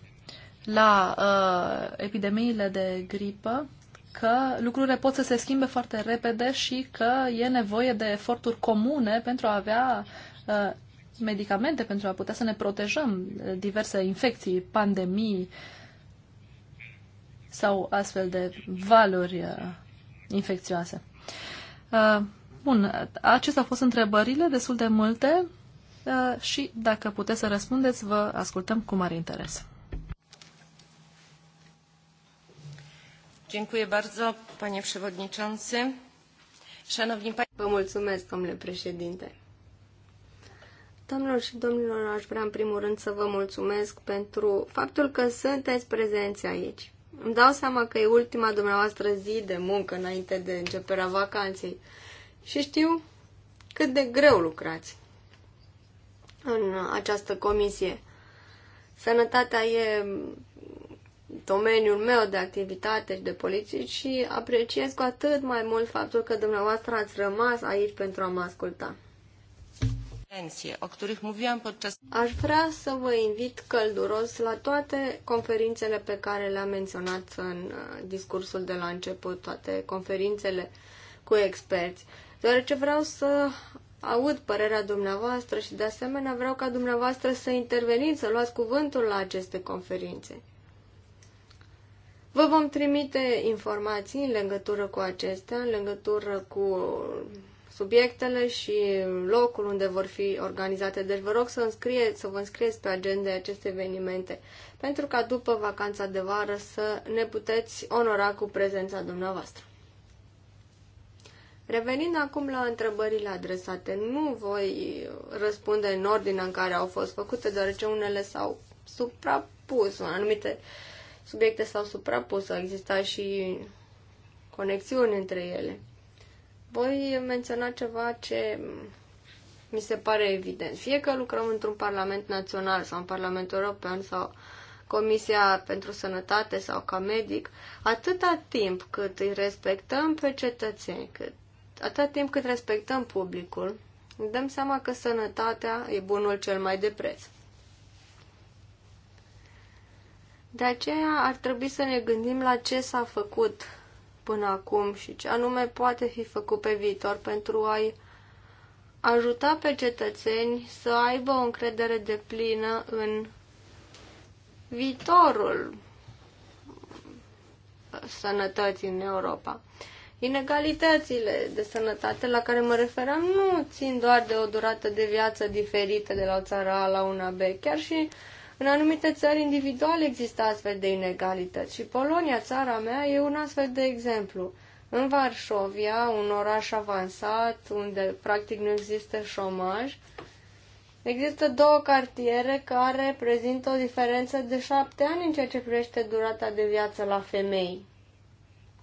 la uh, epidemiile de gripă că lucrurile pot să se schimbe foarte repede și că e nevoie de eforturi comune pentru a avea uh, medicamente, pentru a putea să ne protejăm uh, diverse infecții, pandemii, uh, sau astfel de valuri uh, infecțioase. Uh, bun, acestea au fost întrebările, destul de multe uh, și dacă puteți să răspundeți, vă ascultăm cu mare interes. Dziękuję bardzo, panie przewodniczący. Szanowni Vă mulțumesc, domnule președinte. Domnilor și domnilor, aș vrea în primul rând să vă mulțumesc pentru faptul că sunteți prezenți aici. Îmi dau seama că e ultima dumneavoastră zi de muncă înainte de începerea vacanței și știu cât de greu lucrați în această comisie. Sănătatea e domeniul meu de activitate și de politici și apreciez cu atât mai mult faptul că dumneavoastră ați rămas aici pentru a mă asculta. Aș vrea să vă invit călduros la toate conferințele pe care le-am menționat în uh, discursul de la început, toate conferințele cu experți, deoarece vreau să aud părerea dumneavoastră și de asemenea vreau ca dumneavoastră să interveniți, să luați cuvântul la aceste conferințe. Vă vom trimite informații în legătură cu acestea, în legătură cu subiectele și locul unde vor fi organizate. Deci vă rog să, înscrie, să vă înscrieți pe agenda aceste evenimente, pentru ca după vacanța de vară să ne puteți onora cu prezența dumneavoastră. Revenind acum la întrebările adresate, nu voi răspunde în ordinea în care au fost făcute, deoarece unele s-au suprapus, anumite subiecte s-au suprapus, au existat și conexiuni între ele. Voi menționa ceva ce mi se pare evident. Fie că lucrăm într-un parlament național sau în Parlamentul European sau Comisia pentru Sănătate sau ca medic, atâta timp cât îi respectăm pe cetățeni, cât, atâta timp cât respectăm publicul, dăm seama că sănătatea e bunul cel mai de preț. De aceea ar trebui să ne gândim la ce s-a făcut până acum și ce anume poate fi făcut pe viitor pentru a-i ajuta pe cetățeni să aibă o încredere de plină în viitorul sănătății în Europa. Inegalitățile de sănătate la care mă referam nu țin doar de o durată de viață diferită de la o țară A la una B, chiar și uh, în anumite țări individuale există astfel de inegalități și Polonia, țara mea, e un astfel de exemplu. În Varșovia, un oraș avansat, unde practic nu există șomaj, există două cartiere care prezintă o diferență de șapte ani în ceea ce privește durata de viață la femei,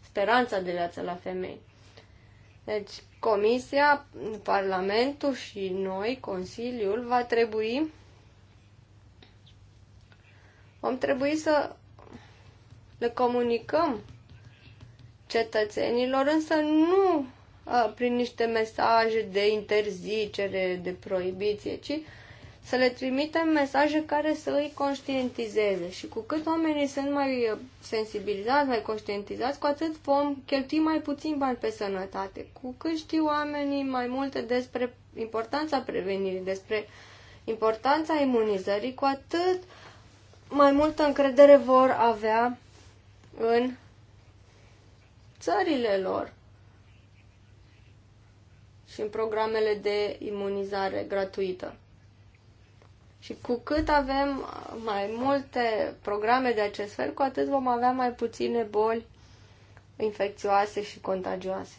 speranța de viață la femei. Deci, Comisia, Parlamentul și noi, Consiliul, va trebui vom trebui să le comunicăm cetățenilor, însă nu a, prin niște mesaje de interzicere, de proibiție, ci să le trimitem mesaje care să îi conștientizeze. Și cu cât oamenii sunt mai sensibilizați, mai conștientizați, cu atât vom cheltui mai puțin bani pe sănătate. Cu cât știu oamenii mai multe despre importanța prevenirii, despre importanța imunizării, cu atât uh, mai multă încredere vor avea în țările lor și în programele de imunizare gratuită. Și cu cât avem mai multe programe de acest fel, cu atât vom avea mai puține boli infecțioase și contagioase.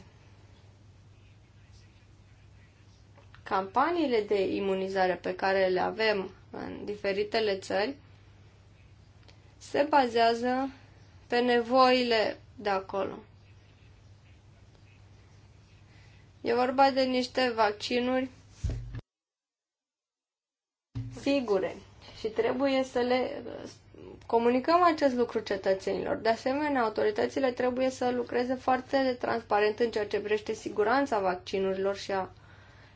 Campaniile de imunizare pe care le avem în diferitele țări se bazează pe nevoile de acolo. E vorba de niște vaccinuri sigure și trebuie să le uh, comunicăm acest lucru cetățenilor. De asemenea, autoritățile trebuie să lucreze foarte transparent în ceea ce privește siguranța vaccinurilor și a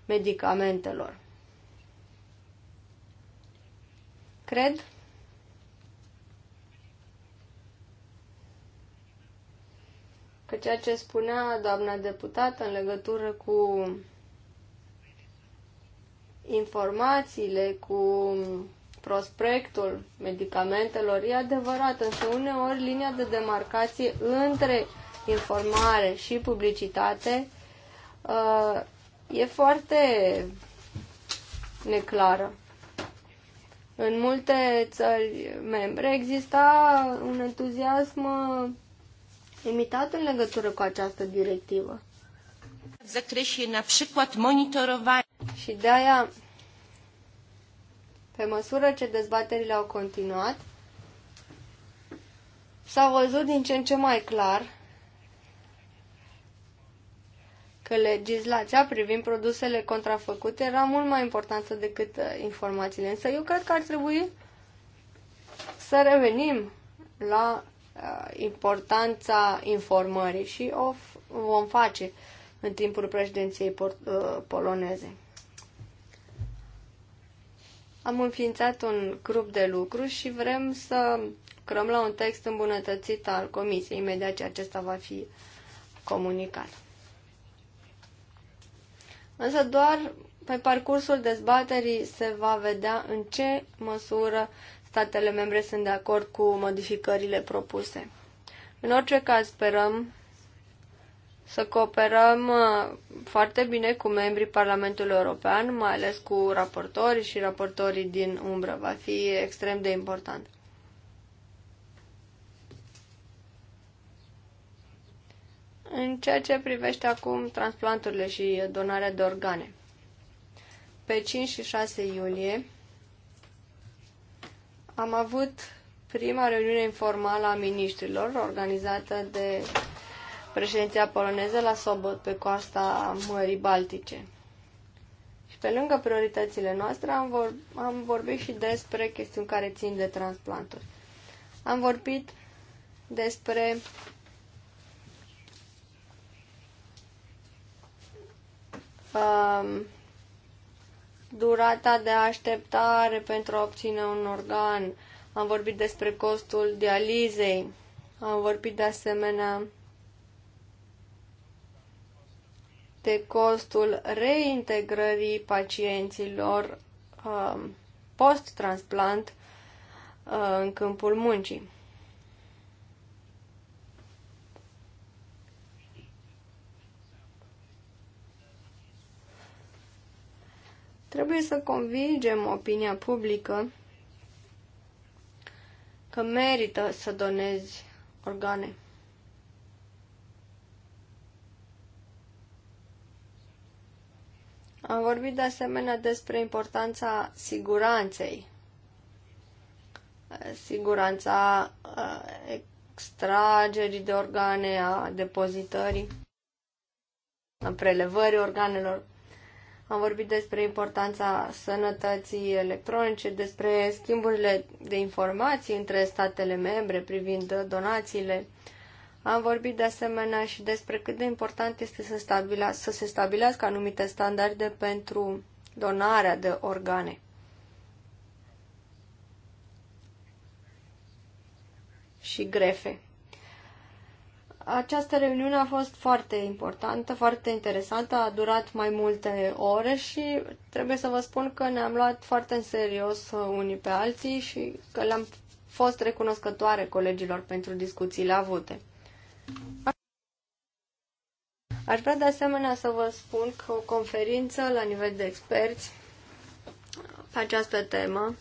medicamentelor. Cred că ceea ce spunea doamna deputată în legătură cu informațiile, cu prospectul medicamentelor, e adevărat, însă uneori linia de demarcație între informare și publicitate uh, e foarte neclară. În multe țări membre exista un entuziasm uh, limitat în legătură cu această directivă. Și de aia, pe măsură ce dezbaterile au continuat, s-a văzut din ce în ce mai clar că legislația privind produsele contrafăcute era mult mai importantă decât uh, informațiile. Însă eu cred că ar trebui să revenim la Uh, importanța informării și o vom face în timpul președinției uh, poloneze. Am înființat un grup de lucru și vrem să crăm la un text îmbunătățit al comisiei, imediat ce acesta va fi comunicat. Însă doar pe parcursul dezbaterii se va vedea în ce măsură statele membre sunt de acord cu modificările propuse. În orice caz, sperăm să cooperăm uh, foarte bine cu membrii Parlamentului European, mai ales cu raportorii și raportorii din umbră. Va fi extrem de important. În ceea ce privește acum transplanturile și donarea de organe. Pe 5 și 6 iulie am avut prima reuniune informală a miniștrilor organizată de președinția poloneză la Sobot pe coasta Mării Baltice. Și pe lângă prioritățile noastre am, vor, am vorbit și despre chestiuni care țin de transplanturi. Am vorbit despre um, durata de așteptare pentru a obține un organ, am vorbit despre costul dializei, am vorbit de asemenea de costul reintegrării pacienților uh, post-transplant uh, în câmpul muncii. Trebuie să convingem opinia publică că merită să donezi organe. Am vorbit de asemenea despre importanța siguranței. Siguranța uh, extragerii de organe, a depozitării, a prelevării organelor. Am vorbit despre importanța sănătății electronice, despre schimburile de informații între statele membre privind donațiile. Am vorbit de asemenea și despre cât de important este să, stabila, să se stabilească anumite standarde pentru donarea de organe. și grefe. Această reuniune a fost foarte importantă, foarte interesantă, a durat mai multe ore și trebuie să vă spun că ne-am luat foarte în serios unii pe alții și că le-am fost recunoscătoare colegilor pentru discuțiile avute. Aș vrea de asemenea să vă spun că o conferință la nivel de experți pe această temă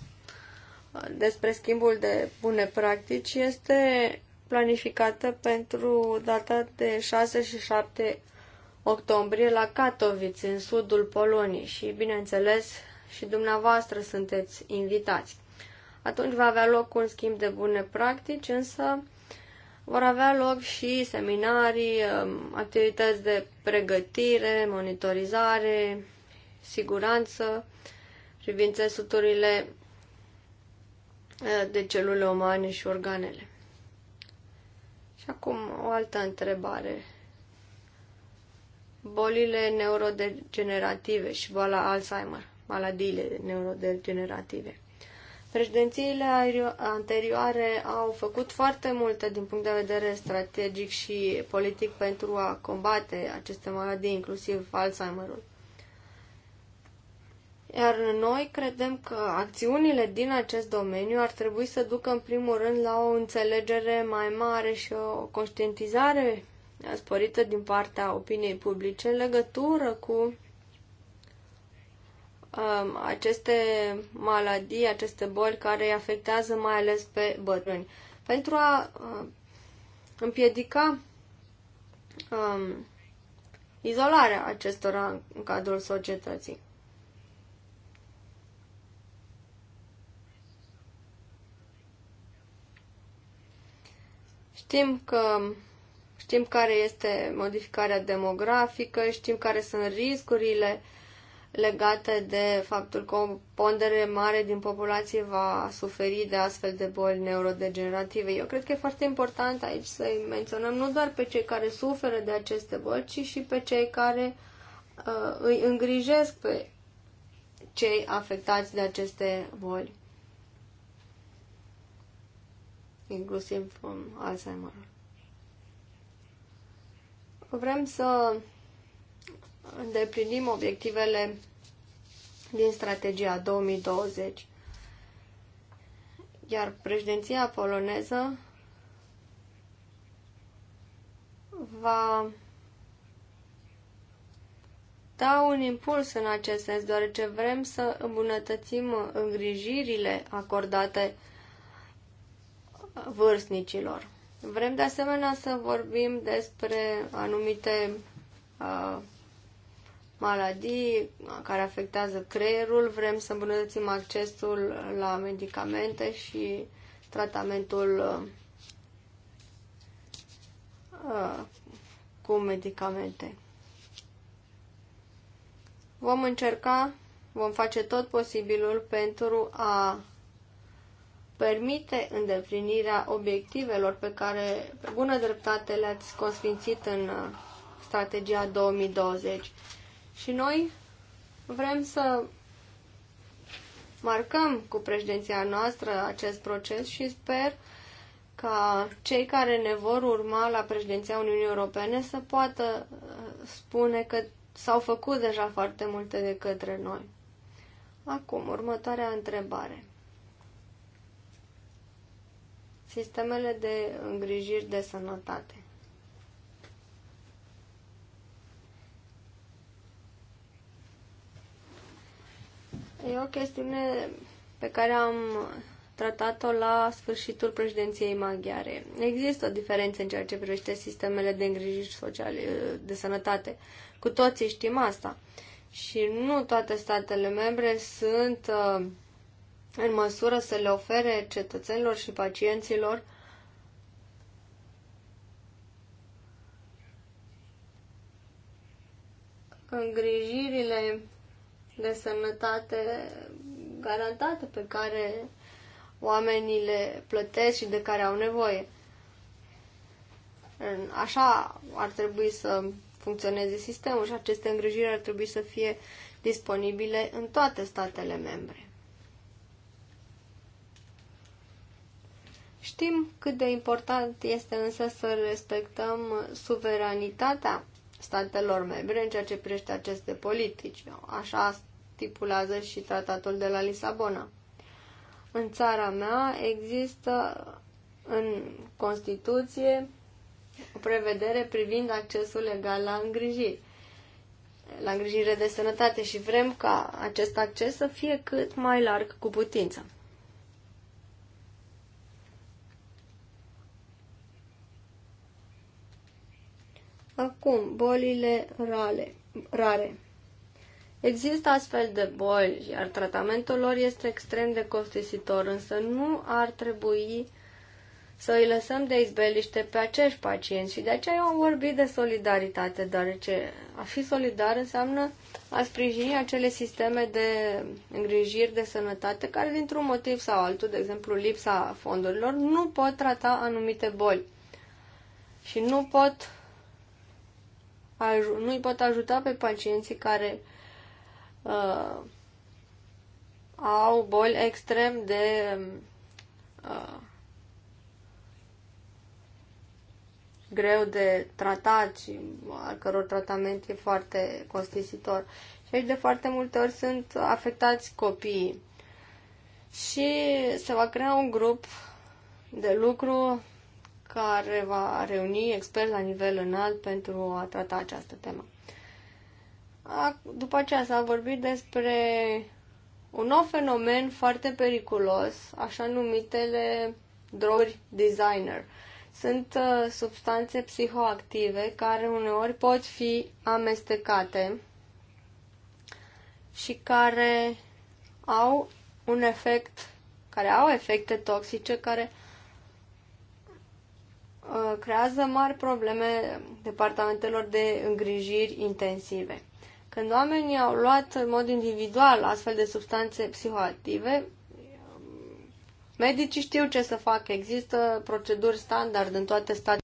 despre schimbul de bune practici este planificată pentru data de 6 și 7 octombrie la Katowice, în sudul Poloniei și, bineînțeles, și dumneavoastră sunteți invitați. Atunci va avea loc un schimb de bune practici, însă vor avea loc și seminarii, um, activități de pregătire, monitorizare, siguranță, privind țesuturile uh, de celule umane și organele. Și acum o altă întrebare. Bolile neurodegenerative și boala Alzheimer, maladiile neurodegenerative. Președințiile anterioare au făcut foarte multe din punct de vedere strategic și politic pentru a combate aceste maladii, inclusiv Alzheimerul. Iar noi credem că acțiunile din acest domeniu ar trebui să ducă în primul rând la o înțelegere mai mare și o conștientizare sporită din partea opiniei publice în legătură cu um, aceste maladii, aceste boli care îi afectează mai ales pe bătrâni. Pentru a uh, împiedica um, izolarea acestora în cadrul societății. Știm că știm care este modificarea demografică, știm care sunt riscurile legate de faptul că o pondere mare din populație va suferi de astfel de boli neurodegenerative. Eu cred că e foarte important aici să-i menționăm nu doar pe cei care suferă de aceste boli, ci și pe cei care uh, îi îngrijesc pe cei afectați de aceste boli. inclusiv um, Alzheimer. Vrem să îndeplinim obiectivele din strategia 2020, iar președinția poloneză va da un impuls în acest sens, deoarece vrem să îmbunătățim îngrijirile acordate uh, vârstnicilor. Vrem de asemenea să vorbim despre anumite uh, maladii care afectează creierul, vrem să îmbunătățim accesul la medicamente și tratamentul uh, uh cu medicamente. Vom încerca, vom face tot posibilul pentru a permite îndeplinirea obiectivelor pe care, pe bună dreptate, le-ați consfințit în uh, strategia 2020. Și noi vrem să marcăm cu președinția noastră acest proces și sper ca cei care ne vor urma la președinția Uniunii Europene să poată uh, spune că s-au făcut deja foarte multe de către noi. Acum, următoarea întrebare. sistemele de îngrijiri de sănătate. E o chestiune pe care am tratat-o la sfârșitul președinției maghiare. Există diferențe în ceea ce privește sistemele de îngrijiri sociale, de sănătate. Cu toții știm asta. Și nu toate statele membre sunt uh, în măsură să le ofere cetățenilor și pacienților îngrijirile de sănătate garantate pe care oamenii le plătesc și de care au nevoie. Așa ar trebui să funcționeze sistemul și aceste îngrijiri ar trebui să fie disponibile în toate statele membre. Știm cât de important este însă să respectăm suveranitatea statelor membre în ceea ce privește aceste politici. Așa stipulează și tratatul de la Lisabona. În țara mea există în Constituție o prevedere privind accesul legal la îngrijiri, la îngrijire de sănătate și vrem ca acest acces să fie cât mai larg cu putință. Acum, bolile rale, rare. Există astfel de boli, iar tratamentul lor este extrem de costisitor, însă nu ar trebui să îi lăsăm de izbeliște pe acești pacienți și de aceea eu am vorbit de solidaritate, deoarece a fi solidar înseamnă a sprijini acele sisteme de îngrijiri de sănătate care dintr-un motiv sau altul, de exemplu lipsa fondurilor, nu pot trata anumite boli și nu pot nu îi pot ajuta pe pacienții care uh, au boli extrem de uh, greu de tratat și al căror tratament e foarte costisitor. Și aici de foarte multe ori sunt afectați copiii. Și se va crea un grup de lucru care va reuni experți la nivel înalt pentru a trata această temă. După aceea s-a vorbit despre un nou fenomen foarte periculos, așa numitele droguri designer. Sunt uh, substanțe psihoactive care uneori pot fi amestecate și care au un efect, care au efecte toxice care Uh, creează mari probleme departamentelor de îngrijiri intensive. Când oamenii au luat în mod individual astfel de substanțe psihoactive, medicii știu ce să facă. Există proceduri standard în toate statele.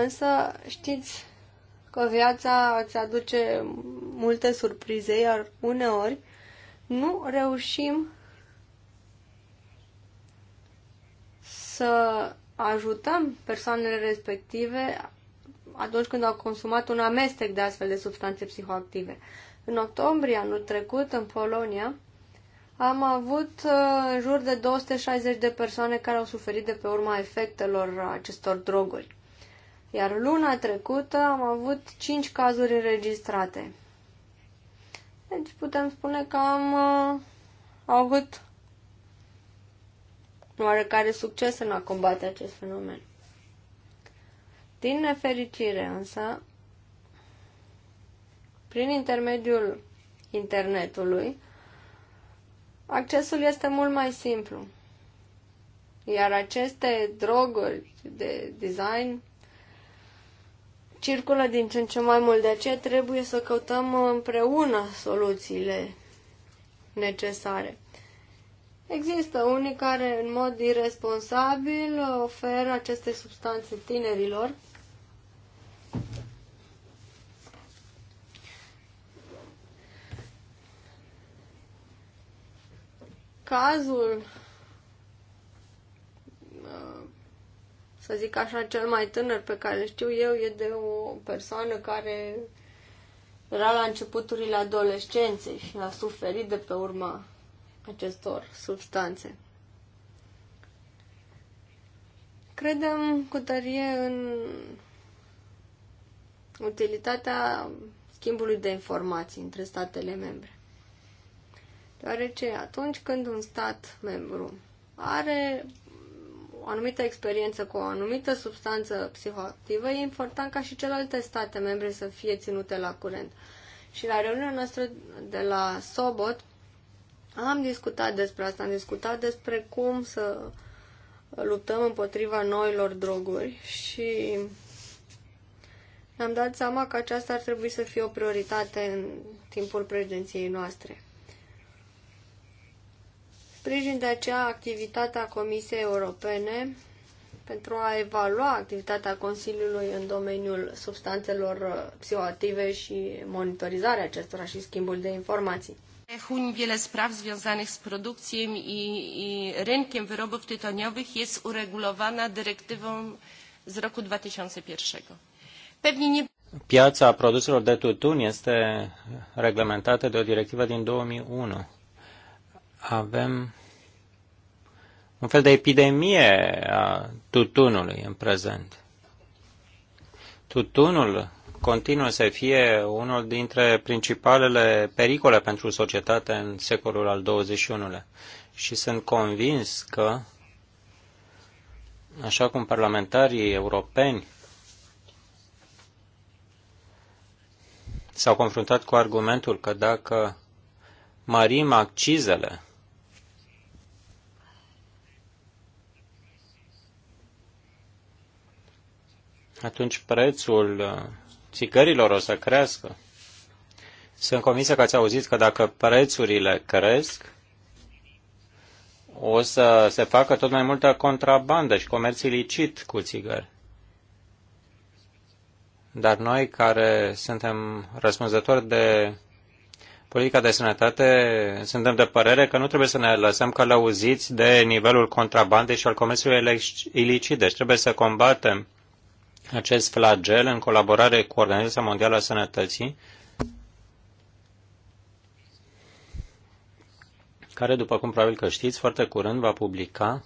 Însă știți că viața îți aduce multe surprize, iar uneori nu reușim să ajutăm persoanele respective atunci când au consumat un amestec de astfel de substanțe psihoactive. În octombrie anul trecut, în Polonia, am avut uh, în jur de 260 de persoane care au suferit de pe urma efectelor acestor droguri. Iar luna trecută am avut 5 cazuri înregistrate. Deci putem spune că am uh, avut oarecare succes în a combate acest fenomen. Din nefericire însă, prin intermediul internetului, accesul este mult mai simplu. Iar aceste droguri de design circulă din ce în ce mai mult. De aceea trebuie să căutăm împreună soluțiile necesare. Există unii care în mod irresponsabil oferă aceste substanțe tinerilor cazul, uh, să zic așa, cel mai tânăr pe care îl știu eu e de o persoană care era la începuturile adolescenței și a suferit de pe urma acestor substanțe. Credem cu tărie în utilitatea schimbului de informații între statele membre. Deoarece atunci când un stat membru are o anumită experiență cu o anumită substanță psihoactivă, e important ca și celelalte state membre să fie ținute la curent. Și la reuniunea noastră de la Sobot am discutat despre asta, am discutat despre cum să luptăm împotriva noilor droguri și am dat seama că aceasta ar trebui să fie o prioritate în timpul președinției noastre. Sprijin de aceea activitatea Comisiei Europene pentru a evalua activitatea Consiliului în domeniul substanțelor psihoactive și monitorizarea acestora și schimbul de informații. Unii wiele spraw związanych z produkcją i, i, rynkiem wyrobów tytoniowych jest uregulowana dyrektywą z roku 2001. Pewnie nie... Piața produselor de tutun este reglementată de o directivă din 2001. Avem un fel de epidemie a tutunului în prezent. Tutunul continuă să fie unul dintre principalele pericole pentru societate în secolul al XXI-lea. Și sunt convins că, așa cum parlamentarii europeni s-au confruntat cu argumentul că dacă mărim accizele, atunci prețul țigărilor o să crească. Sunt convinsă că ați auzit că dacă prețurile cresc, o să se facă tot mai multă contrabandă și comerț ilicit cu țigări. Dar noi care suntem răspunzători de politica de sănătate, suntem de părere că nu trebuie să ne lăsăm călăuziți de nivelul contrabandei și al comerțului ilicit. Deci trebuie să combatem acest flagel în colaborare cu Organizația Mondială a Sănătății, care, după cum probabil că știți, foarte curând va publica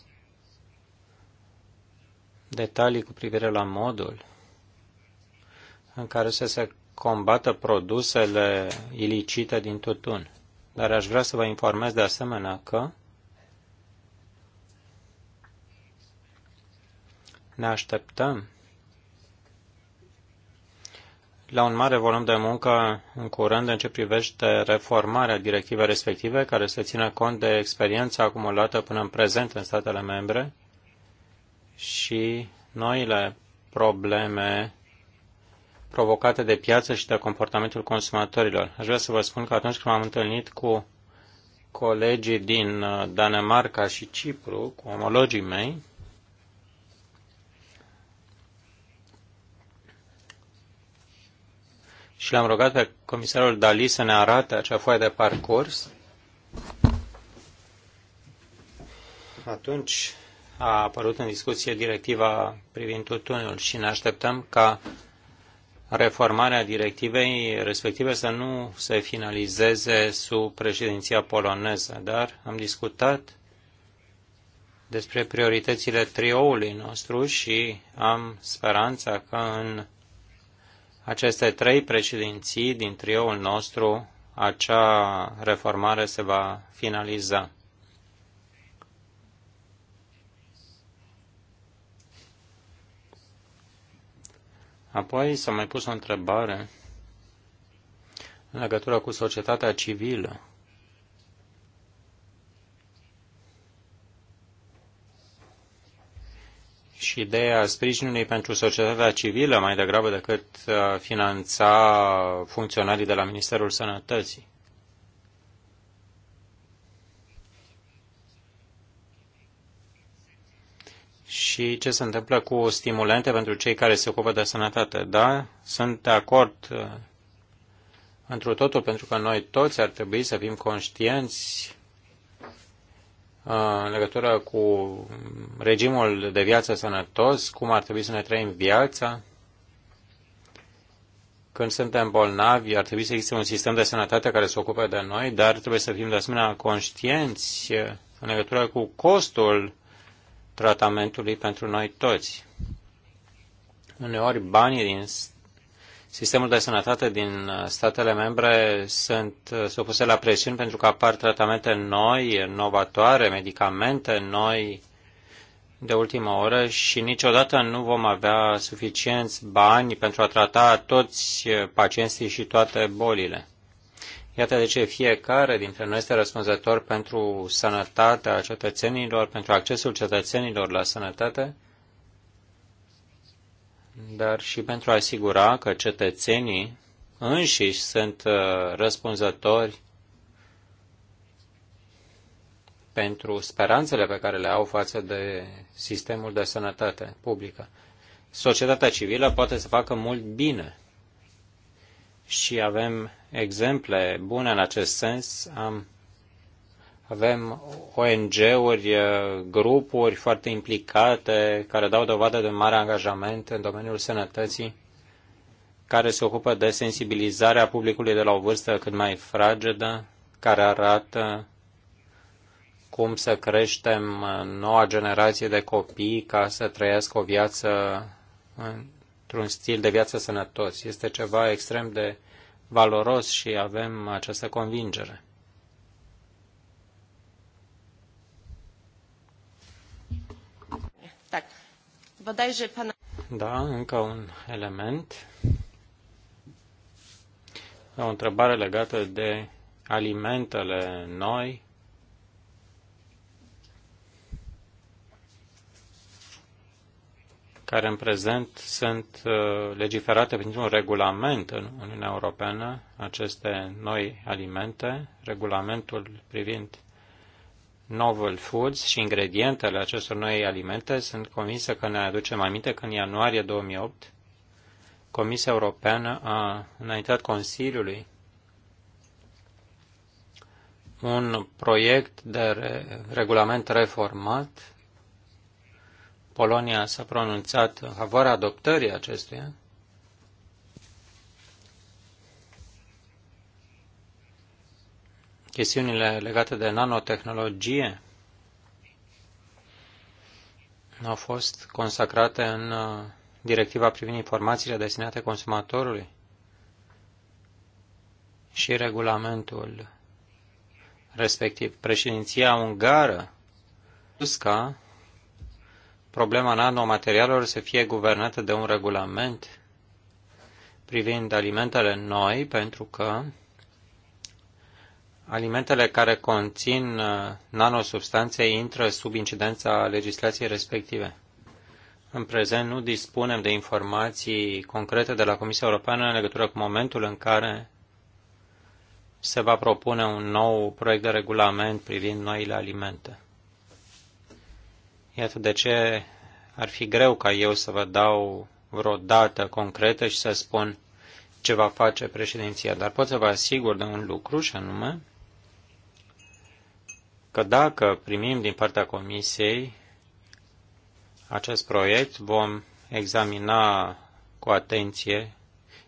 detalii cu privire la modul în care să se combată produsele ilicite din tutun. Dar aș vrea să vă informez de asemenea că ne așteptăm la un mare volum de muncă în curând în ce privește reformarea directivei respective, care se țină cont de experiența acumulată până în prezent în statele membre și noile probleme provocate de piață și de comportamentul consumatorilor. Aș vrea să vă spun că atunci când m-am întâlnit cu colegii din uh, Danemarca și Cipru, cu omologii mei, și l-am rugat pe comisarul Dali să ne arate acea foaie de parcurs. Atunci a apărut în discuție directiva privind tutunul și ne așteptăm ca reformarea directivei respective să nu se finalizeze sub președinția poloneză, dar am discutat despre prioritățile trioului nostru și am speranța că în aceste trei președinții din trioul nostru, acea reformare se va finaliza. Apoi s-a mai pus o întrebare în legătură cu societatea civilă. și ideea sprijinului pentru societatea civilă mai degrabă decât uh, finanța funcționarii de la Ministerul Sănătății. Și ce se întâmplă cu stimulente pentru cei care se ocupă de sănătate? Da, sunt de acord uh, întru totul, pentru că noi toți ar trebui să fim conștienți în legătură cu regimul de viață sănătos, cum ar trebui să ne trăim viața. Când suntem bolnavi, ar trebui să existe un sistem de sănătate care se ocupe de noi, dar trebuie să fim de asemenea conștienți în legătură cu costul tratamentului pentru noi toți. Uneori banii din sistemul de sănătate din uh, statele membre sunt uh, supuse la presiuni pentru că apar tratamente noi, inovatoare, medicamente noi de ultimă oră și niciodată nu vom avea suficienți bani pentru a trata toți uh, pacienții și toate bolile. Iată de ce fiecare dintre noi este răspunzător pentru sănătatea cetățenilor, pentru accesul cetățenilor la sănătate dar și pentru a asigura că cetățenii înșiși sunt uh, răspunzători pentru speranțele pe care le au față de sistemul de sănătate publică. Societatea civilă poate să facă mult bine și avem exemple bune în acest sens. Am avem ONG-uri, grupuri foarte implicate care dau dovadă de mare angajament în domeniul sănătății, care se ocupă de sensibilizarea publicului de la o vârstă cât mai fragedă, care arată cum să creștem noua generație de copii ca să trăiască o viață într-un stil de viață sănătos. Este ceva extrem de valoros și avem această convingere. Da, încă un element. O întrebare legată de alimentele noi. care în prezent sunt uh, legiferate printr-un regulament în Uniunea Europeană, aceste noi alimente, regulamentul privind Novel Foods și ingredientele acestor noi alimente, sunt convinsă că ne aducem aminte că în ianuarie 2008 Comisia Europeană a înaintat Consiliului un proiect de regulament reformat. Polonia s-a pronunțat în favoarea adoptării acestuia chestiunile legate de nanotehnologie au fost consacrate în uh, directiva privind informațiile destinate consumatorului și regulamentul respectiv. Președinția ungară spus ca problema nanomaterialelor să fie guvernată de un regulament privind alimentele noi, pentru că alimentele care conțin uh, nanosubstanțe intră sub incidența legislației respective. În prezent nu dispunem de informații concrete de la Comisia Europeană în legătură cu momentul în care se va propune un nou proiect de regulament privind noile alimente. Iată de ce ar fi greu ca eu să vă dau vreo dată concretă și să spun ce va face președinția, dar pot să vă asigur de un lucru și anume că dacă primim din partea Comisiei acest proiect, vom examina cu atenție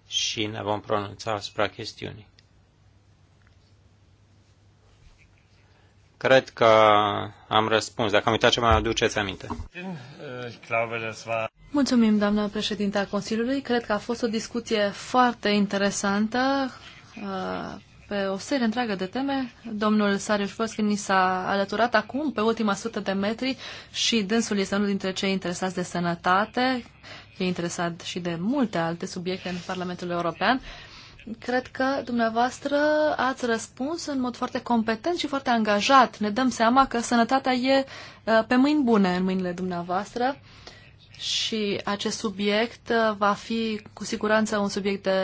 și ne vom pronunța asupra chestiunii. Cred că am răspuns. Dacă am uitat ce mai aduceți aminte. Mulțumim, doamna președinte a Consiliului. Cred că a fost o discuție foarte interesantă uh, pe o serie întreagă de teme. Domnul Sariuș Voschi ni s-a alăturat acum, pe ultima sută de metri, și dânsul este unul dintre cei interesați de sănătate. E interesat și de multe alte subiecte în Parlamentul European. Cred că dumneavoastră ați răspuns în mod foarte competent și foarte angajat. Ne dăm seama că sănătatea e uh, pe mâini bune în mâinile dumneavoastră și acest subiect uh, va fi cu siguranță un subiect de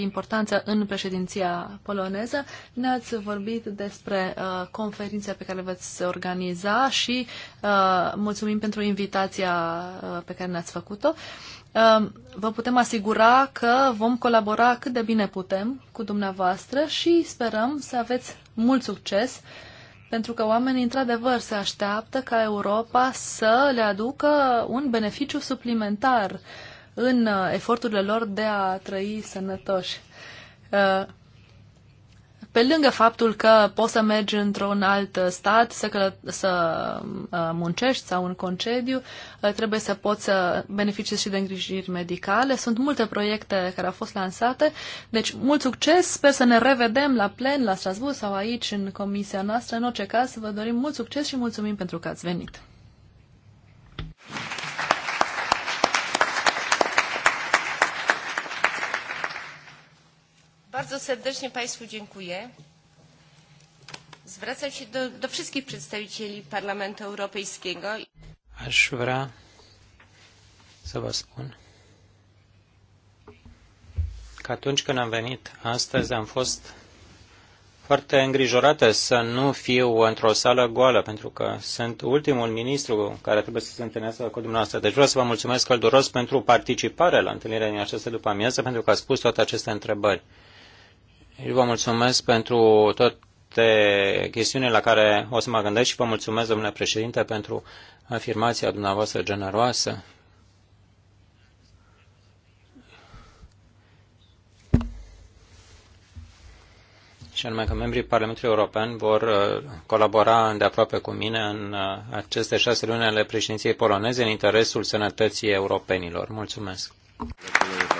importanță în președinția poloneză. Ne-ați vorbit despre uh, conferința pe care le veți organiza și uh, mulțumim pentru invitația uh, pe care ne-ați făcut-o. Uh, vă putem asigura că vom colabora cât de bine putem cu dumneavoastră și sperăm să aveți mult succes uh, pentru că oamenii, într-adevăr, se așteaptă ca Europa să le aducă un beneficiu suplimentar în uh, eforturile lor de a trăi sănătoși. Uh, pe lângă faptul că poți să mergi într-un alt stat, să, călă- să uh, muncești sau în concediu, uh, trebuie să poți să beneficiezi și de îngrijiri medicale. Sunt multe proiecte care au fost lansate, deci mult succes! Sper să ne revedem la plen, la Strasbourg sau aici, în comisia noastră. În orice caz, vă dorim mult succes și mulțumim pentru că ați venit! Bardzo serdecznie Państwu dziękuję. Zwracam się do, do wszystkich przedstawicieli Parlamentu Europejskiego. Aș vrea să vă spun că atunci când am venit astăzi am fost foarte îngrijorată să nu fiu într-o sală goală, pentru că sunt ultimul ministru care trebuie să se întâlnească cu dumneavoastră. Deci vreau să vă mulțumesc călduros pentru participare la întâlnirea din această după amiază, pentru că a spus toate aceste întrebări. Eu vă mulțumesc pentru toate chestiunile la care o să mă gândesc și vă mulțumesc, domnule președinte, pentru afirmația dumneavoastră generoasă. și anume că membrii Parlamentului European vor uh, colabora îndeaproape cu mine în uh, aceste șase luni ale președinției poloneze în interesul sănătății europenilor. Mulțumesc! Mulțumesc.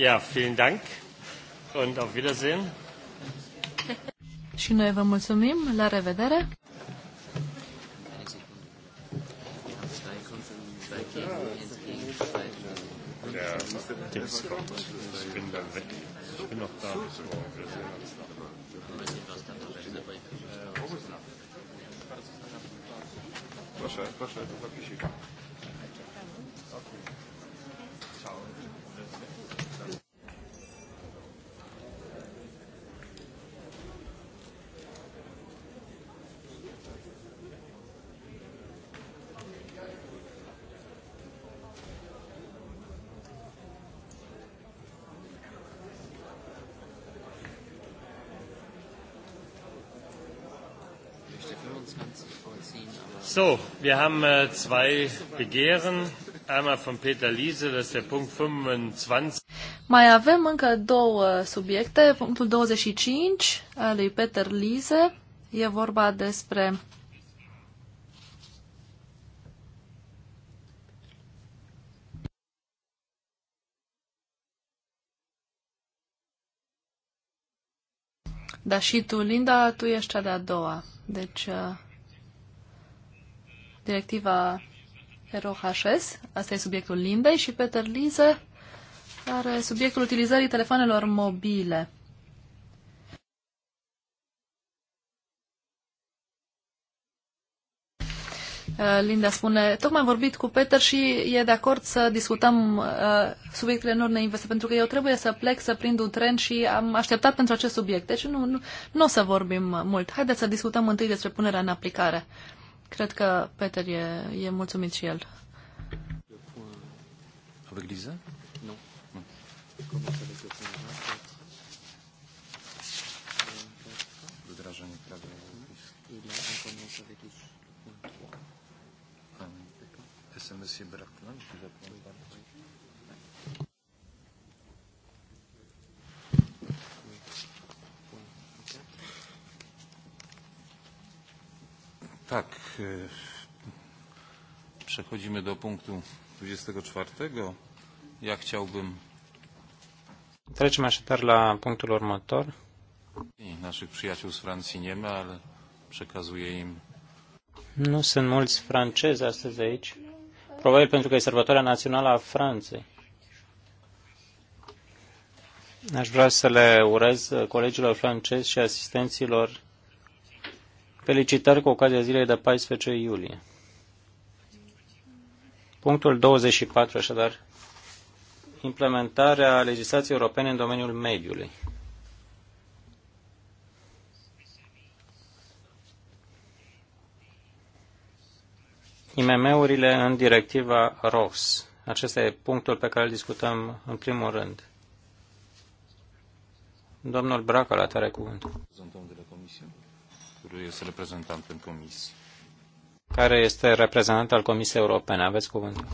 Ja, vielen Dank und auf Wiedersehen. Și noi vă mulțumim. La revedere. Ja, da. Proszę, proszę, zapisik. So, wir haben äh, zwei Begehren. Einmal von Peter Liese, das ist der Punkt 25. Mai avem încă două subiecte. Punctul 25 al lui Peter Liese. E vorba despre Da și tu, Linda, tu ești cea de-a doua. Deci, uh, directiva ROHS, asta e subiectul Lindei, și Peter Lise are subiectul utilizării telefonelor mobile. Eh, Linda spune, tocmai am vorbit cu Peter și e de acord să discutăm uh, subiectele în ordine inversă, pentru că eu trebuie să plec, să prind un tren și am așteptat pentru acest subiect. Deci nu, nu, nu o să vorbim mult. Haideți să discutăm întâi despre punerea în aplicare. Cred că Peter e, e mulțumit și el. Avec Lisa? Non. non. Comment va se faire Monsieur Bertrand. Tak, przechodzimy do punktu 24. Ja chciałbym... Trecem așadar la punctul următor. Naszych przyjaciół z Francji nie ma, ale przekazuję im... Nu sunt mulți francezi astăzi aici. Probabil pentru că e sărbătoarea națională a Franței. Aș vrea să le urez uh, colegilor francezi și asistenților felicitări cu ocazia zilei de 14 iulie. Punctul 24, așadar, implementarea legislației europene în domeniul mediului. IMM-urile în directiva ROS. Acesta e punctul pe care îl discutăm în primul rând. Domnul Bracă la tare cuvânt. Care este reprezentant în comisie? Care este reprezentant al Comisiei Europene? Aveți cuvântul.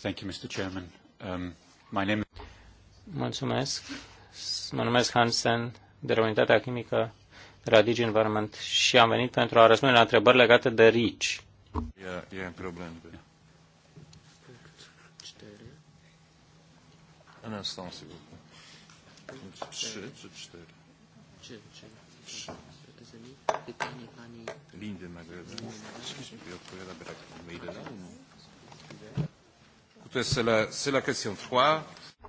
Thank you, Mr. Chairman. Mulțumesc. Mă numesc Hansen de la Unitatea Chimică de la Digi Environment și am venit pentru a răspunde la întrebări legate de RICI. Yeah, yeah, problem. Un instant, s'il vous plaît. Trzy czy cztery? Trzy, trzy.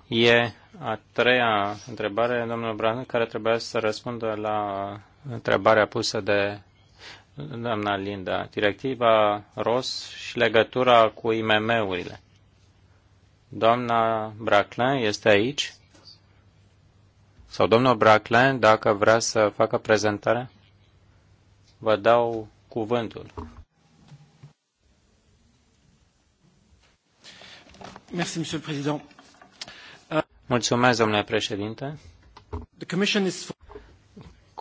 E a treia întrebare, domnul Bran, care trebuia să răspundă la întrebarea pusă de doamna Linda. Directiva ROS și legătura cu IMM-urile. Doamna Braclin este aici? Sau domnul Braclin, dacă vrea să facă prezentarea, vă dau cuvântul. Mulțumesc, domnule președinte.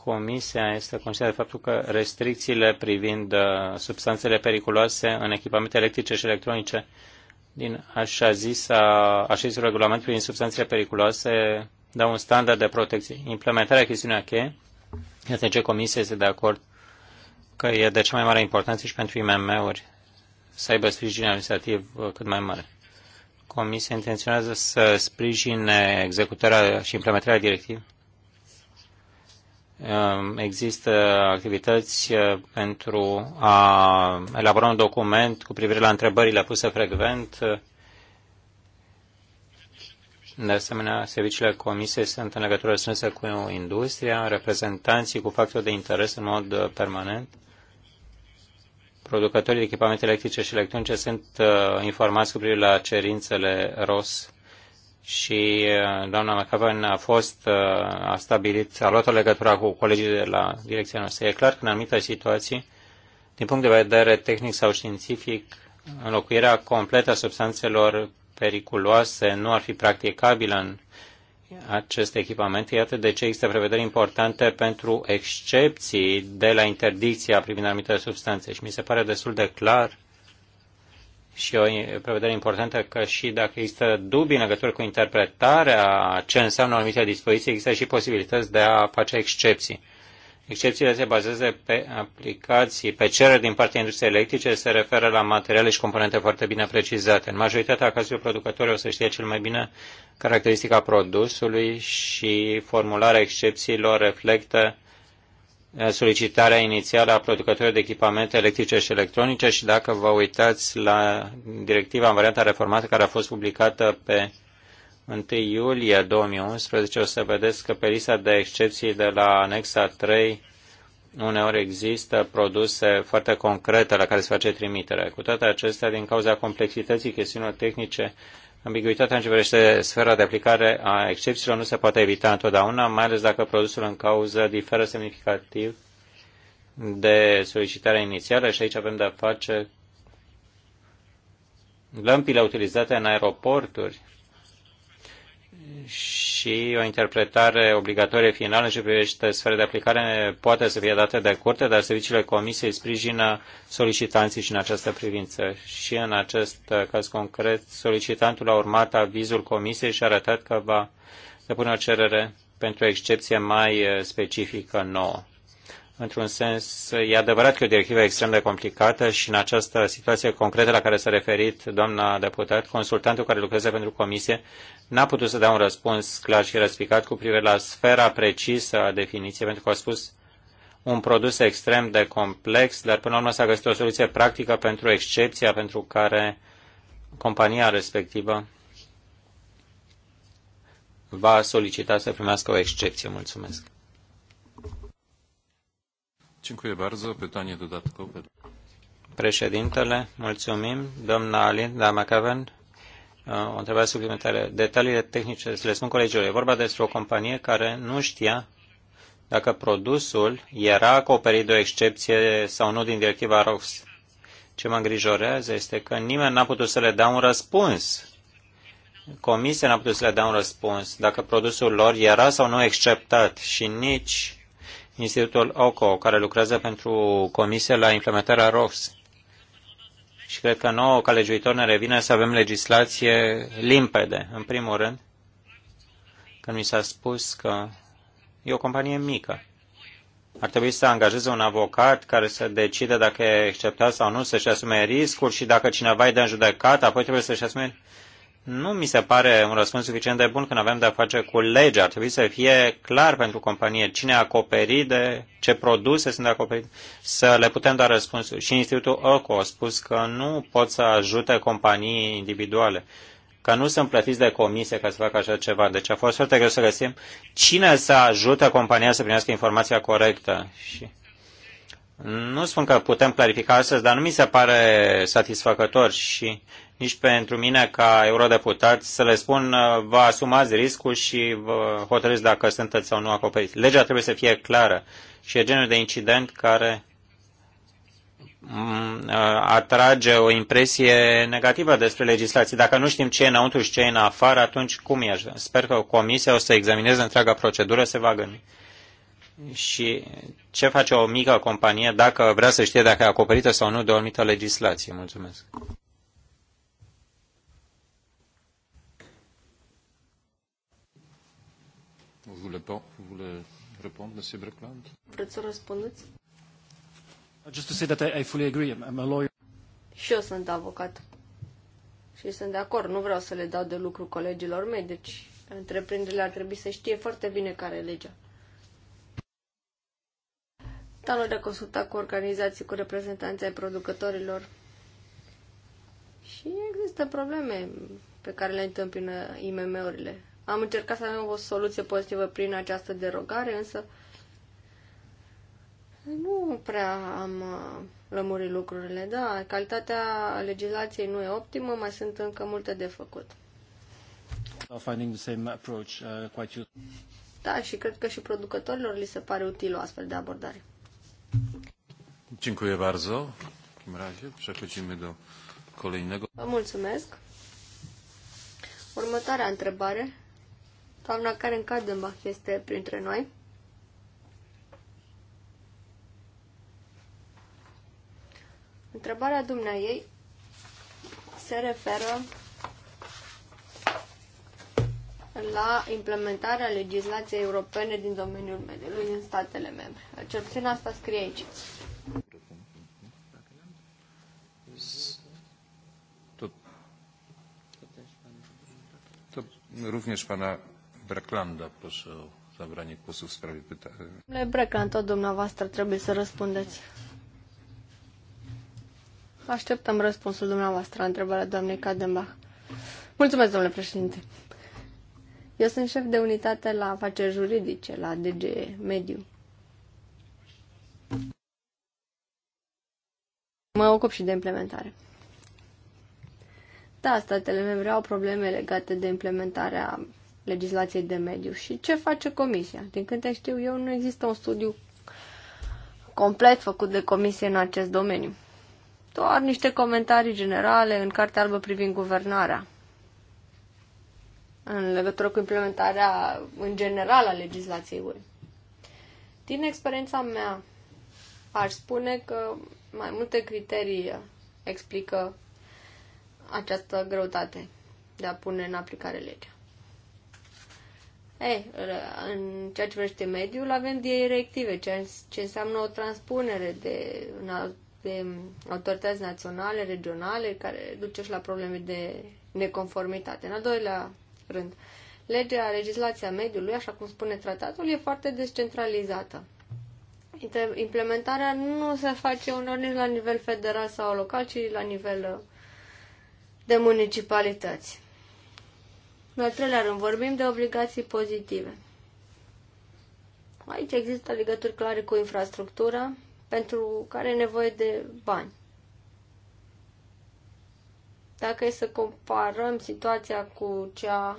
Comisia este conștientă de faptul că restricțiile privind uh, substanțele periculoase în echipamente electrice și electronice din așa zis, așa zis regulament privind substanțele periculoase dau un standard de protecție. Implementarea chestiunea cheie, iată ce Comisia este de acord că e de cea mai mare importanță și pentru IMM-uri să aibă sprijin administrativ uh, cât mai mare. Comisia intenționează să sprijine executarea și implementarea directivei? Um, există activități uh, pentru a elabora un document cu privire la întrebările puse frecvent. De asemenea, serviciile Comisiei sunt în legătură strânsă cu industria, reprezentanții cu factori de interes în mod uh, permanent producătorii de echipamente electrice și electronice sunt uh, informați cu privire la cerințele ROS și uh, doamna McAvan a fost, uh, a stabilit, a luat o legătură cu colegii de la direcția noastră. E clar că în anumite situații, din punct de vedere tehnic sau științific, înlocuirea completă a substanțelor periculoase nu ar fi practicabilă în acest echipament. Iată de ce există prevederi importante pentru excepții de la interdicția privind anumite substanțe. Și mi se pare destul de clar și o prevedere importantă că și dacă există dubii în legătură cu interpretarea ce înseamnă anumite dispoziții, există și posibilități de a face excepții. Excepțiile se bazează pe aplicații, pe cereri din partea industriei electrice, se referă la materiale și componente foarte bine precizate. În majoritatea cazurilor producătorii o să știe cel mai bine caracteristica produsului și formularea excepțiilor reflectă eh, solicitarea inițială a producătorilor de echipamente electrice și electronice și dacă vă uitați la directiva în varianta reformată care a fost publicată pe 1 iulie 2011 o să vedeți că pe lista de excepții de la anexa 3 uneori există produse foarte concrete la care se face trimitere. Cu toate acestea, din cauza complexității chestiunilor tehnice, ambiguitatea în ce privește sfera de aplicare a excepțiilor nu se poate evita întotdeauna, mai ales dacă produsul în cauză diferă semnificativ de solicitarea inițială și aici avem de-a face lămpile utilizate în aeroporturi și o interpretare obligatorie finală ce privește sfera de aplicare poate să fie dată de curte, dar serviciile comisiei sprijină solicitanții și în această privință. Și în acest caz concret, solicitantul a urmat avizul comisiei și a arătat că va depune o cerere pentru o excepție mai specifică nouă. Într-un sens, e adevărat că e o directivă extrem de complicată și în această situație concretă la care s-a referit doamna deputat, consultantul care lucrează pentru comisie n-a putut să dea un răspuns clar și răspicat cu privire la sfera precisă a definiției, pentru că a spus un produs extrem de complex, dar până la urmă s-a găsit o soluție practică pentru excepția pentru care compania respectivă va solicita să primească o excepție. Mulțumesc. Dziękuję bardzo. Pytanie dodatkowe. Președintele, mulțumim. Doamna Linda McAven, o întrebare suplimentară. Detaliile tehnice le spun colegilor. E vorba despre o companie care nu știa dacă produsul era acoperit de o excepție sau nu din directiva ROX. Ce mă îngrijorează este că nimeni n-a putut să le dea un răspuns. Comisia n-a putut să le dea un răspuns dacă produsul lor era sau nu exceptat și nici Institutul OCO, care lucrează pentru Comisia la implementarea ROS. Și cred că nouă, ca legiuitor, ne revine să avem legislație limpede. În primul rând, când mi s-a spus că e o companie mică, ar trebui să angajeze un avocat care să decide dacă e acceptat sau nu, să-și asume riscul și dacă cineva e de în judecat, apoi trebuie să-și asume nu mi se pare un răspuns suficient de bun când avem de-a face cu lege. Ar trebui să fie clar pentru companie cine acoperit de ce produse sunt acoperite, să le putem da răspunsul. Și Institutul OCO a spus că nu pot să ajute companii individuale, că nu sunt plătiți de comisie ca să facă așa ceva. Deci a fost foarte greu să găsim cine să ajute compania să primească informația corectă. Și nu spun că putem clarifica astăzi, dar nu mi se pare satisfăcător și nici pentru mine ca eurodeputat să le spun vă asumați riscul și vă hotărâți dacă sunteți sau nu acoperiți. Legea trebuie să fie clară și e genul de incident care mm, atrage o impresie negativă despre legislație. Dacă nu știm ce e înăuntru și ce e în afară, atunci cum e? Sper că comisia o să examineze întreaga procedură, se va gândi. Și ce face o mică companie dacă vrea să știe dacă e acoperită sau nu de o anumită legislație? Mulțumesc. Vous voulez, vous voulez répondre, Monsieur Breckland? Vreți să răspundeți? Just to say that I, I fully agree. I'm a lawyer. Și eu sunt avocat. Și sunt de acord. Nu vreau să le dau de lucru colegilor mei, deci întreprinderile ar trebui să știe foarte bine care e legea. Dar de consultat cu organizații, cu reprezentanții ai producătorilor. Și există probleme pe care le întâmpină IMM-urile am încercat să avem o soluție pozitivă prin această derogare, însă nu prea am uh, lămurit lucrurile. Da, calitatea legislației nu e optimă, mai sunt încă multe de făcut. Uh, da, și cred că și producătorilor li se pare util o astfel de abordare. Dziękuję bardzo. W takim razie przechodzimy do kolejnego. mulțumesc. Următoarea întrebare Doamna Karen Kadenbach este printre noi. Întrebarea ei se referă la implementarea legislației europene din domeniul mediului în statele membre. Cel deci, puțin asta scrie aici. To, to również pana Braclanda, proszę o zabranie głosu w sprawie pytania. Domnule Breclan, to dumneavoastră trebuie să răspundeți. Așteptăm răspunsul dumneavoastră la întrebarea doamnei Kadenbach. Mulțumesc, domnule președinte. Eu sunt șef de unitate la afaceri juridice, la DG Mediu. Mă ocup și de implementare. Da, statele membre au probleme legate de implementarea legislației de mediu. Și ce face Comisia? Din câte știu eu, nu există un studiu complet făcut de Comisie în acest domeniu. Doar niște comentarii generale în Cartea Albă privind guvernarea în legătură cu implementarea în general a legislației UE. Din experiența mea, aș spune că mai multe criterii explică această greutate de a pune în aplicare legea. Ei, eh, în ceea ce privește mediul, avem directive, ceea ce înseamnă o transpunere de, de autorități naționale, regionale, care duce și la probleme de neconformitate. În al doilea rând, legea, legislația mediului, așa cum spune tratatul, e foarte descentralizată. Implementarea nu se face unor nici la nivel federal sau local, ci la nivel de municipalități. În al treilea rând, vorbim de obligații pozitive. Aici există legături clare cu infrastructura pentru care e nevoie de bani. Dacă e să comparăm situația cu cea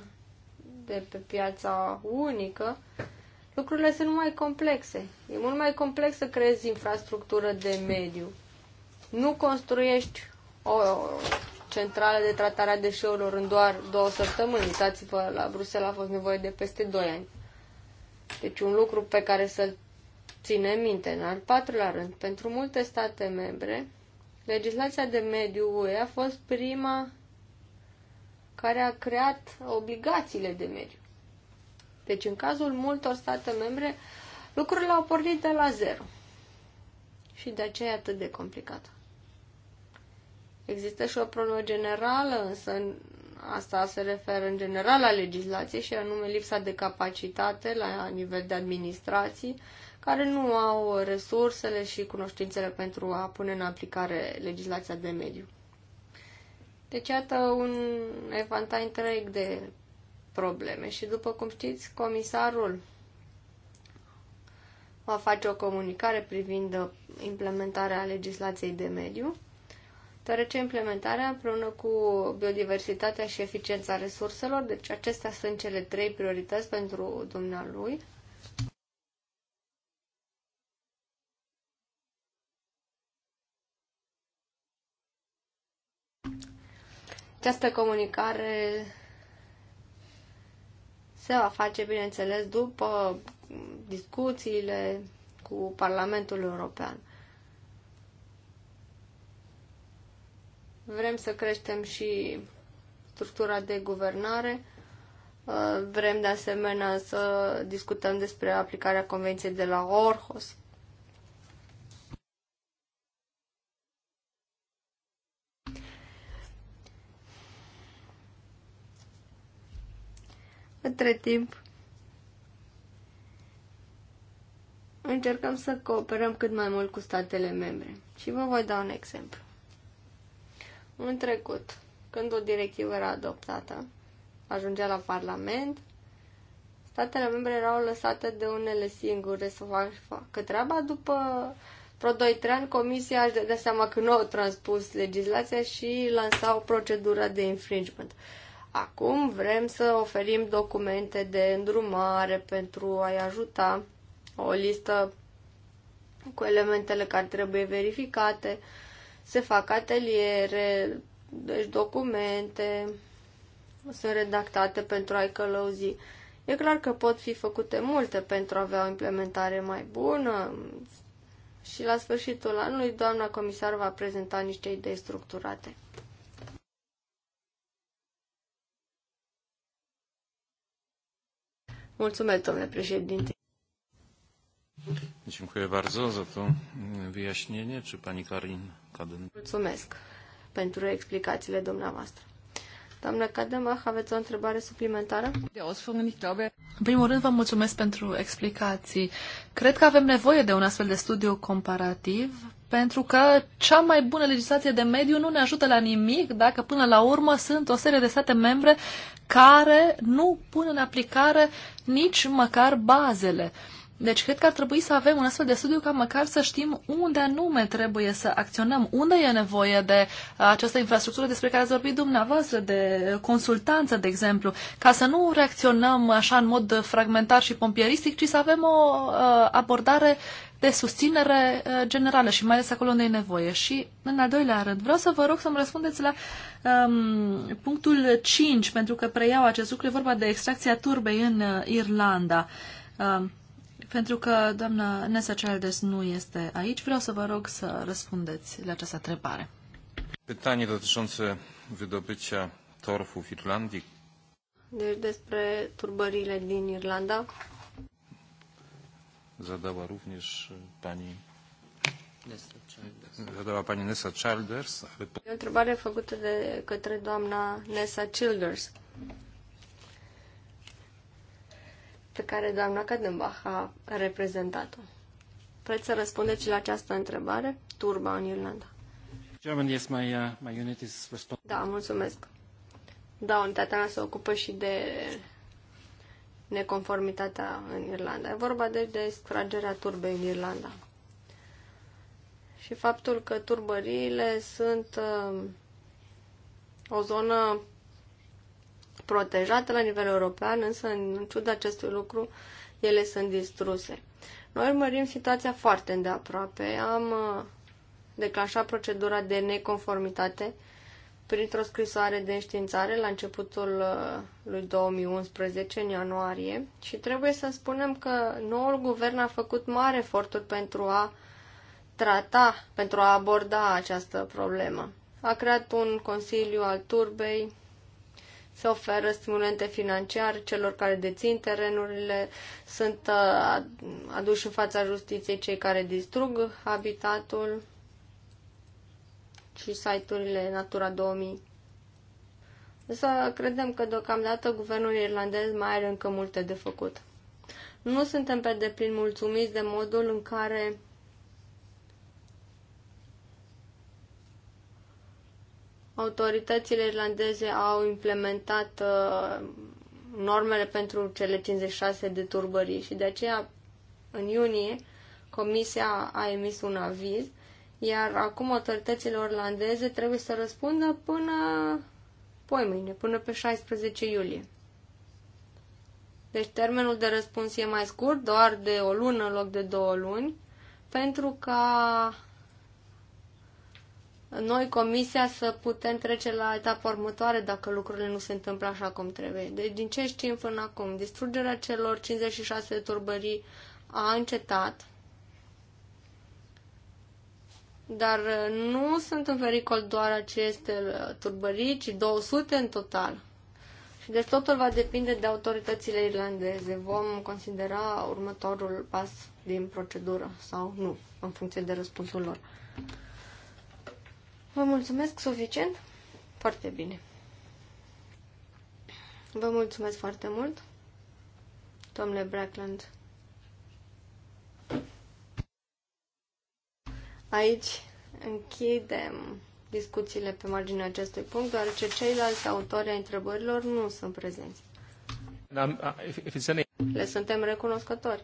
de pe piața unică, lucrurile sunt mai complexe. E mult mai complex să creezi infrastructură de mediu. Nu construiești o centrală de tratare a deșeurilor în doar două săptămâni. Uitați-vă, la Bruxelles a fost nevoie de peste doi ani. Deci un lucru pe care să-l ținem minte. În al patrulea rând, pentru multe state membre, legislația de mediu UE a fost prima care a creat obligațiile de mediu. Deci, în cazul multor state membre, lucrurile au pornit de la zero. Și de aceea e atât de complicat. Există și o problemă generală, însă asta se referă în general la legislație și anume lipsa de capacitate la nivel de administrații care nu au resursele și cunoștințele pentru a pune în aplicare legislația de mediu. Deci, iată un evanta întreg de probleme și, după cum știți, comisarul va face o comunicare privind implementarea legislației de mediu deoarece implementarea împreună cu biodiversitatea și eficiența resurselor, deci acestea sunt cele trei priorități pentru dumnealui. Această comunicare se va face, bineînțeles, după discuțiile cu Parlamentul European. Vrem să creștem și structura de guvernare. Uh, vrem de asemenea să discutăm despre aplicarea Convenției de la Orhos. Între timp, încercăm să cooperăm cât mai mult cu statele membre. Și vă voi da un exemplu în trecut, când o directivă era adoptată, ajungea la Parlament, statele membre erau lăsate de unele singure să facă treaba. După vreo 2-3 ani, Comisia își dădea seama că nu au transpus legislația și lansau procedura de infringement. Acum vrem să oferim documente de îndrumare pentru a-i ajuta, o listă cu elementele care trebuie verificate, uh, se fac ateliere, deci documente sunt redactate pentru a-i călăuzi. E clar că pot fi făcute multe pentru a avea o implementare mai bună și la sfârșitul anului doamna comisar va prezenta niște idei structurate. Mulțumesc, domnule președinte. Dziękuję bardzo za to wyjaśnienie. Czy pani Karin Kaden? Mulțumesc pentru explicațiile dumneavoastră. Doamna Cademach, aveți o întrebare suplimentară? În primul rând, vă mulțumesc pentru explicații. Cred că avem nevoie de un astfel de studiu comparativ, pentru că cea mai bună legislație de mediu nu ne ajută la nimic dacă până la urmă sunt o serie de state membre care nu pun în aplicare nici măcar bazele. Uh, deci cred că ar trebui să avem un astfel de studiu ca măcar să știm unde anume trebuie să acționăm, unde e nevoie de uh, această infrastructură despre care ați vorbit dumneavoastră, de consultanță, de exemplu, ca să nu reacționăm așa în mod fragmentar și pompieristic, ci să avem o uh, abordare de susținere uh, generală și mai ales acolo unde e nevoie. Și, în al doilea rând, vreau să vă rog să-mi răspundeți la um, punctul 5, pentru că preiau acest lucru, e vorba de extracția turbei în Irlanda. Um, pentru că doamna Nessa Childers nu este aici, vreau să vă rog să răspundeți la această întrebare. Pytanie dotyczące wydobycia torfu w Irlandii. Deci despre turbările din Irlanda. Zadała również pani Zadała pani Nessa Childers. E o întrebare făcută de către doamna Nessa Childers pe care doamna Kadenbach a reprezentat-o. Vreți să răspundeți la această întrebare? Turba în Irlanda. German, yes, my, uh, my unit is da, mulțumesc. Da, unitatea mea se ocupă și de neconformitatea în Irlanda. E vorba de extragerea turbei în Irlanda. Și faptul că turbăriile sunt uh, o zonă protejate la nivel european, însă în ciuda acestui lucru ele sunt distruse. Noi urmărim situația foarte îndeaproape. Am uh, declanșat procedura de neconformitate printr-o scrisoare de înștiințare la începutul uh, lui 2011, în ianuarie, și trebuie să spunem că noul guvern a făcut mari eforturi pentru a trata, pentru a aborda această problemă. A creat un consiliu al turbei, se oferă stimulente financiare celor care dețin terenurile, sunt uh, aduși în fața justiției cei care distrug habitatul și site-urile Natura 2000. Însă credem că deocamdată guvernul irlandez mai are încă multe de făcut. Nu suntem pe deplin mulțumiți de modul în care autoritățile irlandeze au implementat uh, normele pentru cele 56 de turbării și de aceea în iunie Comisia a emis un aviz, iar acum autoritățile irlandeze trebuie să răspundă până poi mâine, până pe 16 iulie. Deci termenul de răspuns e mai scurt, doar de o lună în loc de două luni, pentru ca noi, Comisia, să putem trece la etapa următoare dacă lucrurile nu se întâmplă așa cum trebuie. Deci, din ce știm până acum, distrugerea celor 56 de turbării a încetat, dar uh, nu sunt în pericol doar aceste uh, turbării, ci 200 în total. Și deci totul va depinde de autoritățile irlandeze. Vom considera următorul pas din procedură sau nu, în funcție de răspunsul lor. Vă mulțumesc suficient? Foarte bine. Vă mulțumesc foarte mult, domnule Brackland. Aici închidem discuțiile pe marginea acestui punct, deoarece ceilalți autori ai întrebărilor nu sunt prezenți. Le suntem recunoscători.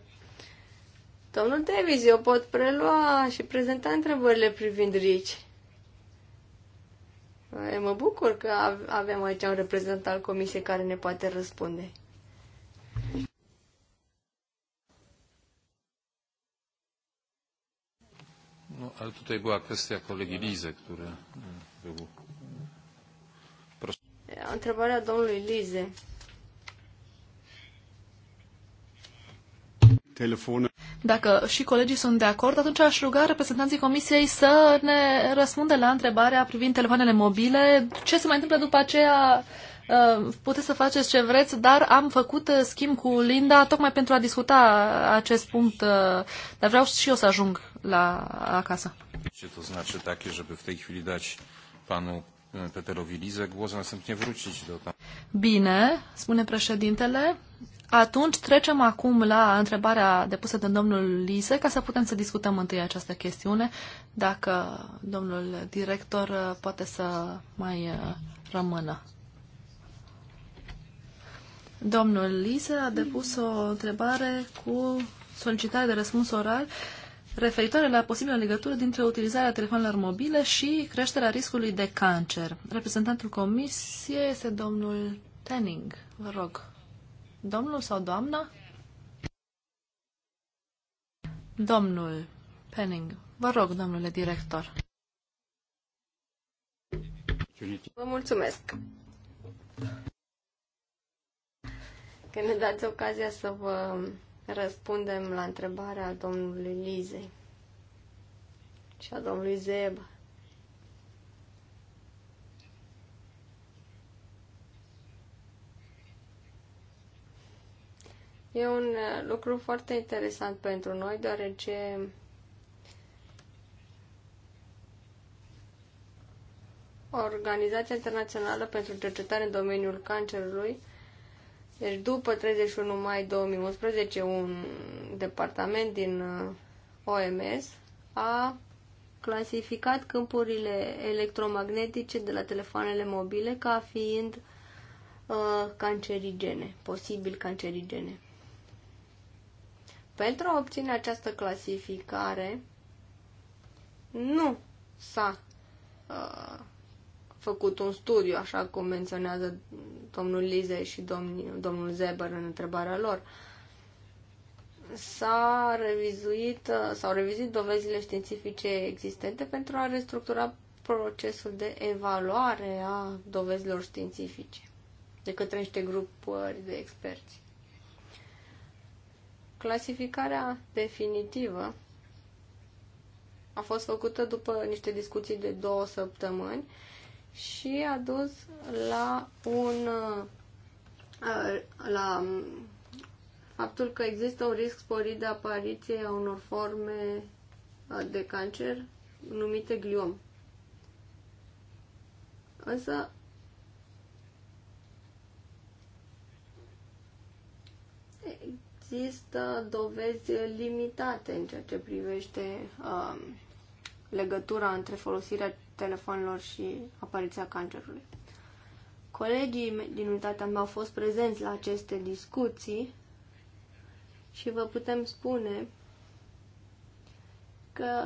Domnul Davis, eu pot prelua și prezenta întrebările privind Rich. Eu eh, mă bucur că avem aici un reprezentant al comisiei care ne poate răspunde. No, ale tutaj była kwestia kolegi Lize, który mm, był... Proszę. Eh, întrebarea domnului Lize telefonă. Dacă și colegii sunt de acord, atunci aș ruga reprezentanții Comisiei să ne răspundă la întrebarea privind telefoanele mobile. Ce se mai întâmplă după aceea? Uh, puteți să faceți ce vreți, dar am făcut uh, schimb cu Linda tocmai pentru a discuta acest punct, uh, dar vreau și eu să ajung la acasă. Ce to znaczy takie, żeby w tej chwili dać panu Peterowi Lizę głos, następnie wrócić do tam. Bine, spune președintele. Atunci trecem acum la întrebarea depusă de domnul Lise, ca să putem să discutăm întâi această chestiune, dacă domnul director uh, poate să mai uh, rămână. Domnul Lise a depus o întrebare cu solicitare de răspuns oral referitoare la posibilă legătură dintre utilizarea telefonelor mobile și creșterea riscului de cancer. Reprezentantul comisiei este domnul Tenning. Vă rog. Domnul sau doamna? Domnul Penning, vă rog, domnule director. Vă mulțumesc. Că ne dați ocazia să vă răspundem la întrebarea domnului Lizei și a domnului Zeba. E un uh, lucru foarte interesant pentru noi, deoarece Organizația Internațională pentru Cercetare în domeniul cancerului deci după 31 mai 2011, un departament din uh, OMS a clasificat câmpurile electromagnetice de la telefoanele mobile ca fiind uh, cancerigene, posibil cancerigene. Pentru a obține această clasificare, nu s-a uh, făcut un studiu, așa cum menționează domnul Lize și domnul, domnul Zeber în întrebarea lor. S-a revizuit, uh, s-au revizuit dovezile științifice existente pentru a restructura procesul de evaluare a dovezilor științifice de către niște grupuri de experți. Clasificarea definitivă a fost făcută după niște discuții de două săptămâni și a dus la un la faptul că există un risc sporit de apariție a unor forme de cancer numite gliom. Însă există dovezi limitate în ceea ce privește um, legătura între folosirea telefonelor și apariția cancerului. Colegii din unitatea mea au fost prezenți la aceste discuții și vă putem spune că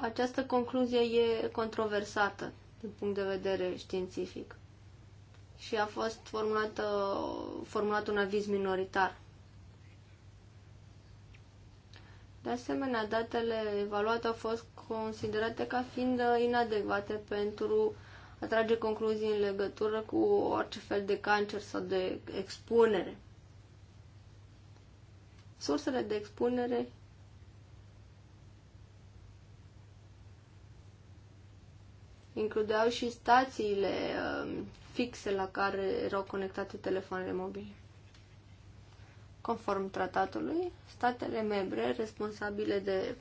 această concluzie e controversată din punct de vedere științific și a fost formulată formulat un aviz minoritar De asemenea, datele evaluate au fost considerate ca fiind inadecvate pentru a trage concluzii în legătură cu orice fel de cancer sau de expunere. Sursele de expunere includeau și stațiile um, fixe la care erau conectate telefoanele mobile. Conform tratatului, statele membre responsabile de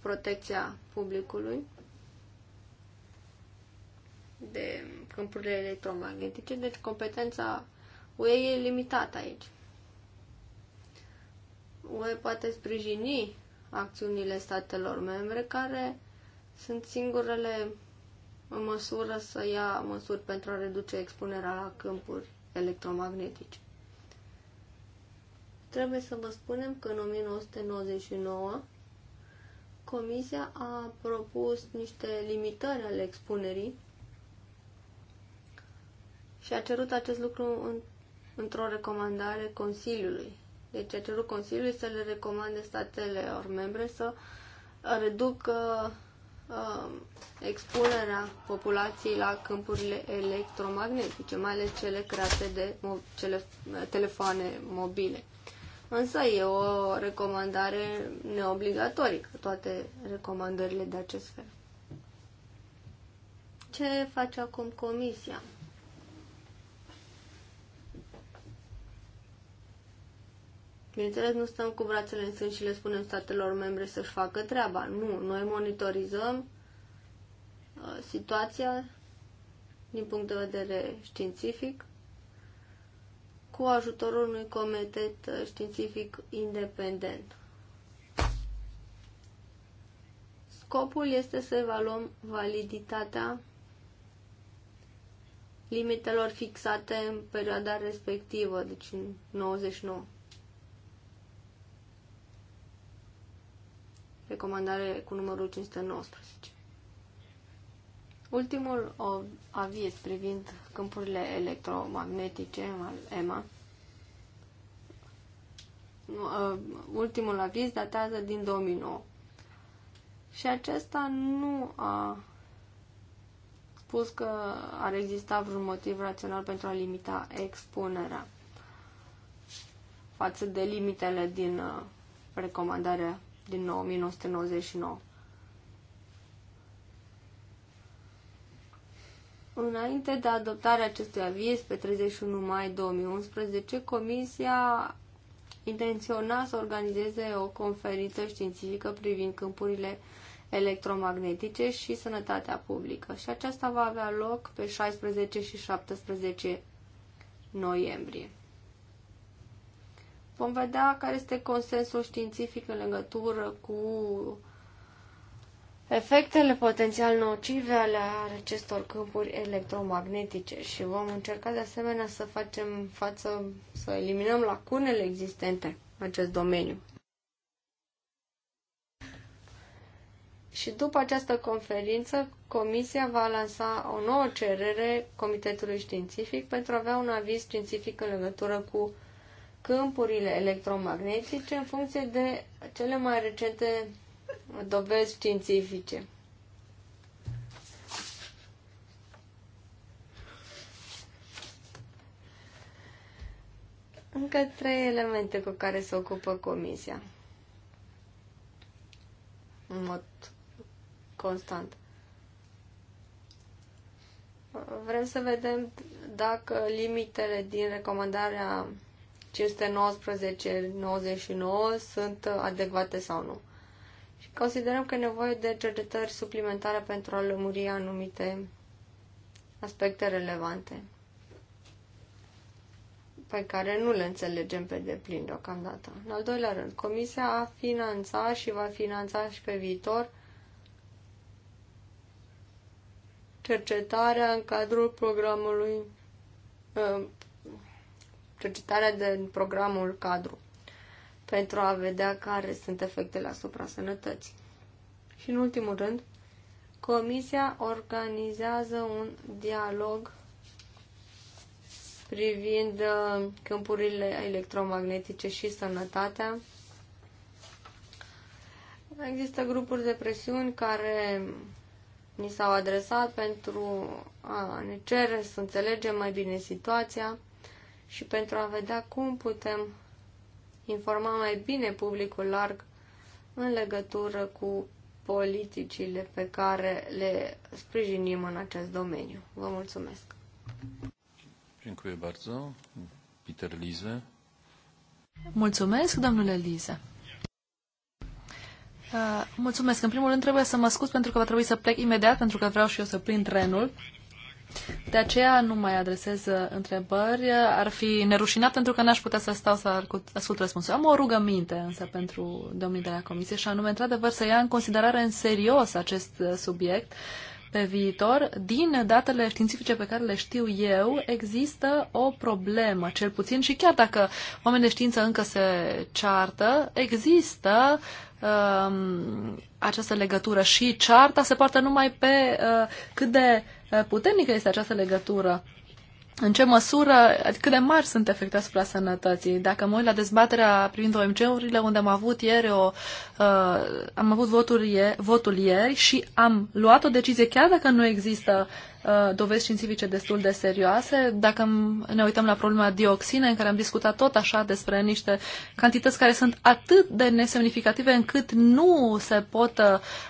protecția publicului de câmpurile electromagnetice, deci competența UE e limitată aici. UE poate sprijini acțiunile statelor membre care sunt singurele în măsură să ia măsuri pentru a reduce expunerea la câmpuri electromagnetice. Trebuie să vă spunem că în 1999 Comisia a propus niște limitări ale expunerii și a cerut acest lucru în, într-o recomandare Consiliului. Deci a cerut Consiliului să le recomande statelor membre să reducă uh, expunerea populației la câmpurile electromagnetice, mai ales cele create de mo- cele, telefoane mobile. Însă e o recomandare neobligatorică, toate recomandările de acest fel. Ce face acum comisia? Bineînțeles, nu stăm cu brațele în sân și le spunem statelor membre să-și facă treaba. Nu, noi monitorizăm uh, situația din punct de vedere științific cu ajutorul unui comitet uh, științific independent. Scopul este să evaluăm validitatea limitelor fixate în perioada respectivă, deci în 99. Recomandare cu numărul 519. Ultimul aviz privind câmpurile electromagnetice al EMA, ă, ultimul aviz datează din 2009. Și acesta nu a spus că ar exista vreun motiv rațional pentru a limita expunerea față de limitele din ă, recomandarea din 1999. Înainte de adoptarea acestui aviz, pe 31 mai 2011, Comisia intenționa să organizeze o conferință științifică privind câmpurile electromagnetice și sănătatea publică și aceasta va avea loc pe 16 și 17 noiembrie. Vom vedea care este consensul științific în legătură cu efectele potențial nocive ale acestor câmpuri electromagnetice și vom încerca de asemenea să facem față, să eliminăm lacunele existente în acest domeniu. Și după această conferință, Comisia va lansa o nouă cerere Comitetului Științific pentru a avea un aviz științific în legătură cu câmpurile electromagnetice în funcție de cele mai recente dovezi științifice. Încă trei elemente cu care se ocupă comisia. În mod constant. Vrem să vedem dacă limitele din recomandarea 519-99 sunt adecvate sau nu și considerăm că e nevoie de cercetări suplimentare pentru a lămuri anumite aspecte relevante pe care nu le înțelegem pe deplin deocamdată. În al doilea rând, Comisia a finanțat și va finanța și pe viitor cercetarea în cadrul programului uh, cercetarea din programul cadru pentru a vedea care sunt efectele asupra sănătății. Și în ultimul rând, Comisia organizează un dialog privind uh, câmpurile electromagnetice și sănătatea. Există grupuri de presiuni care ni s-au adresat pentru a ne cere să înțelegem mai bine situația și pentru a vedea cum putem informa mai bine publicul larg în legătură cu politicile pe care le sprijinim în acest domeniu. Vă mulțumesc! Dziękuję bardzo. Peter Lize. Mulțumesc, domnule Lize. Uh, mulțumesc. În primul rând trebuie să mă scuz pentru că va trebui să plec imediat pentru că vreau și eu să prind trenul. De aceea nu mai adresez uh, întrebări. Ar fi nerușinat pentru că n-aș putea să stau să ascult răspunsul. Am o rugăminte însă pentru domnii de la Comisie și anume, într-adevăr, să ia în considerare în serios acest uh, subiect pe viitor, din datele științifice pe care le știu eu, există o problemă, cel puțin, și chiar dacă oamenii de știință încă se ceartă, există um, această legătură și cearta se poartă numai pe uh, cât de uh, puternică este această legătură în ce măsură, cât de mari sunt efecte asupra sănătății. Dacă mă uit la dezbaterea privind OMG-urile, unde am avut ieri o, uh, am avut votul, ieri, votul ieri și am luat o decizie, chiar dacă nu există uh, dovezi științifice destul de serioase, dacă ne uităm la problema dioxine, în care am discutat tot așa despre niște cantități care sunt atât de nesemnificative încât nu se pot uh,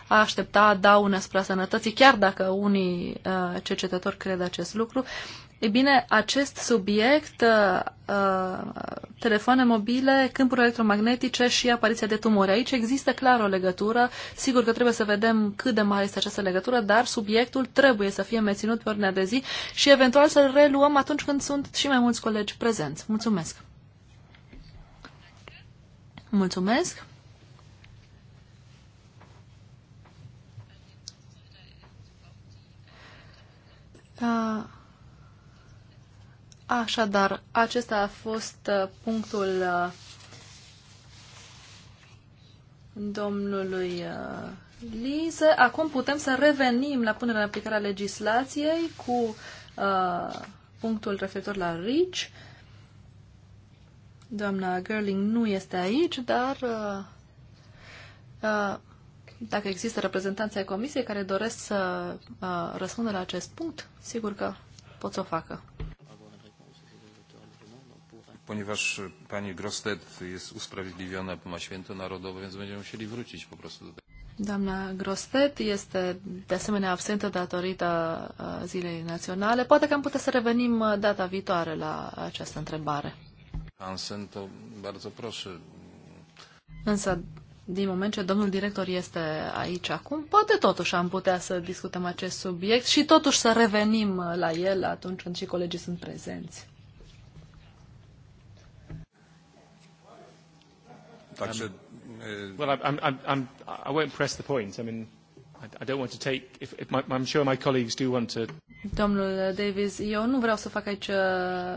aștepta daune asupra sănătății, chiar dacă unii uh, cercetători cred acest lucru. E bine, acest subiect, uh, uh, telefoane mobile, câmpuri electromagnetice și apariția de tumori. Aici există clar o legătură. Sigur că trebuie să vedem cât de mare este această legătură, dar subiectul trebuie să fie menținut pe ordinea de zi și eventual să-l reluăm atunci când sunt și mai mulți colegi prezenți. Mulțumesc! Mulțumesc! Uh... Așadar, acesta a fost uh, punctul uh, domnului uh, Lize. Acum putem să revenim la punerea în aplicare a legislației cu punctul referitor la Rich. Doamna Gerling nu este aici, dar dacă există reprezentanții ai comisiei care doresc să răspundă la acest punct, sigur că pot să o facă ponieważ pani Grosted jest usprawiedliwiona, ma święto narodowe, więc będziemy musieli wrócić po prostu do tego. Doamna Grostet este de asemenea absentă datorită Zilei Naționale. Poate că am putea să revenim data viitoare la această întrebare. Hansen, to bardzo proszę. Însă, din moment ce domnul director este aici acum, poate totuși am putea să discutăm acest subiect și totuși să revenim la el atunci când și colegii sunt prezenți. Takže... Um, uh, well, I'm, I'm, I'm, I won't press the point. I mean, I don't want to take, if, if my, I'm sure my colleagues do want to... Domnul Davis, eu nu vreau să fac aici, uh,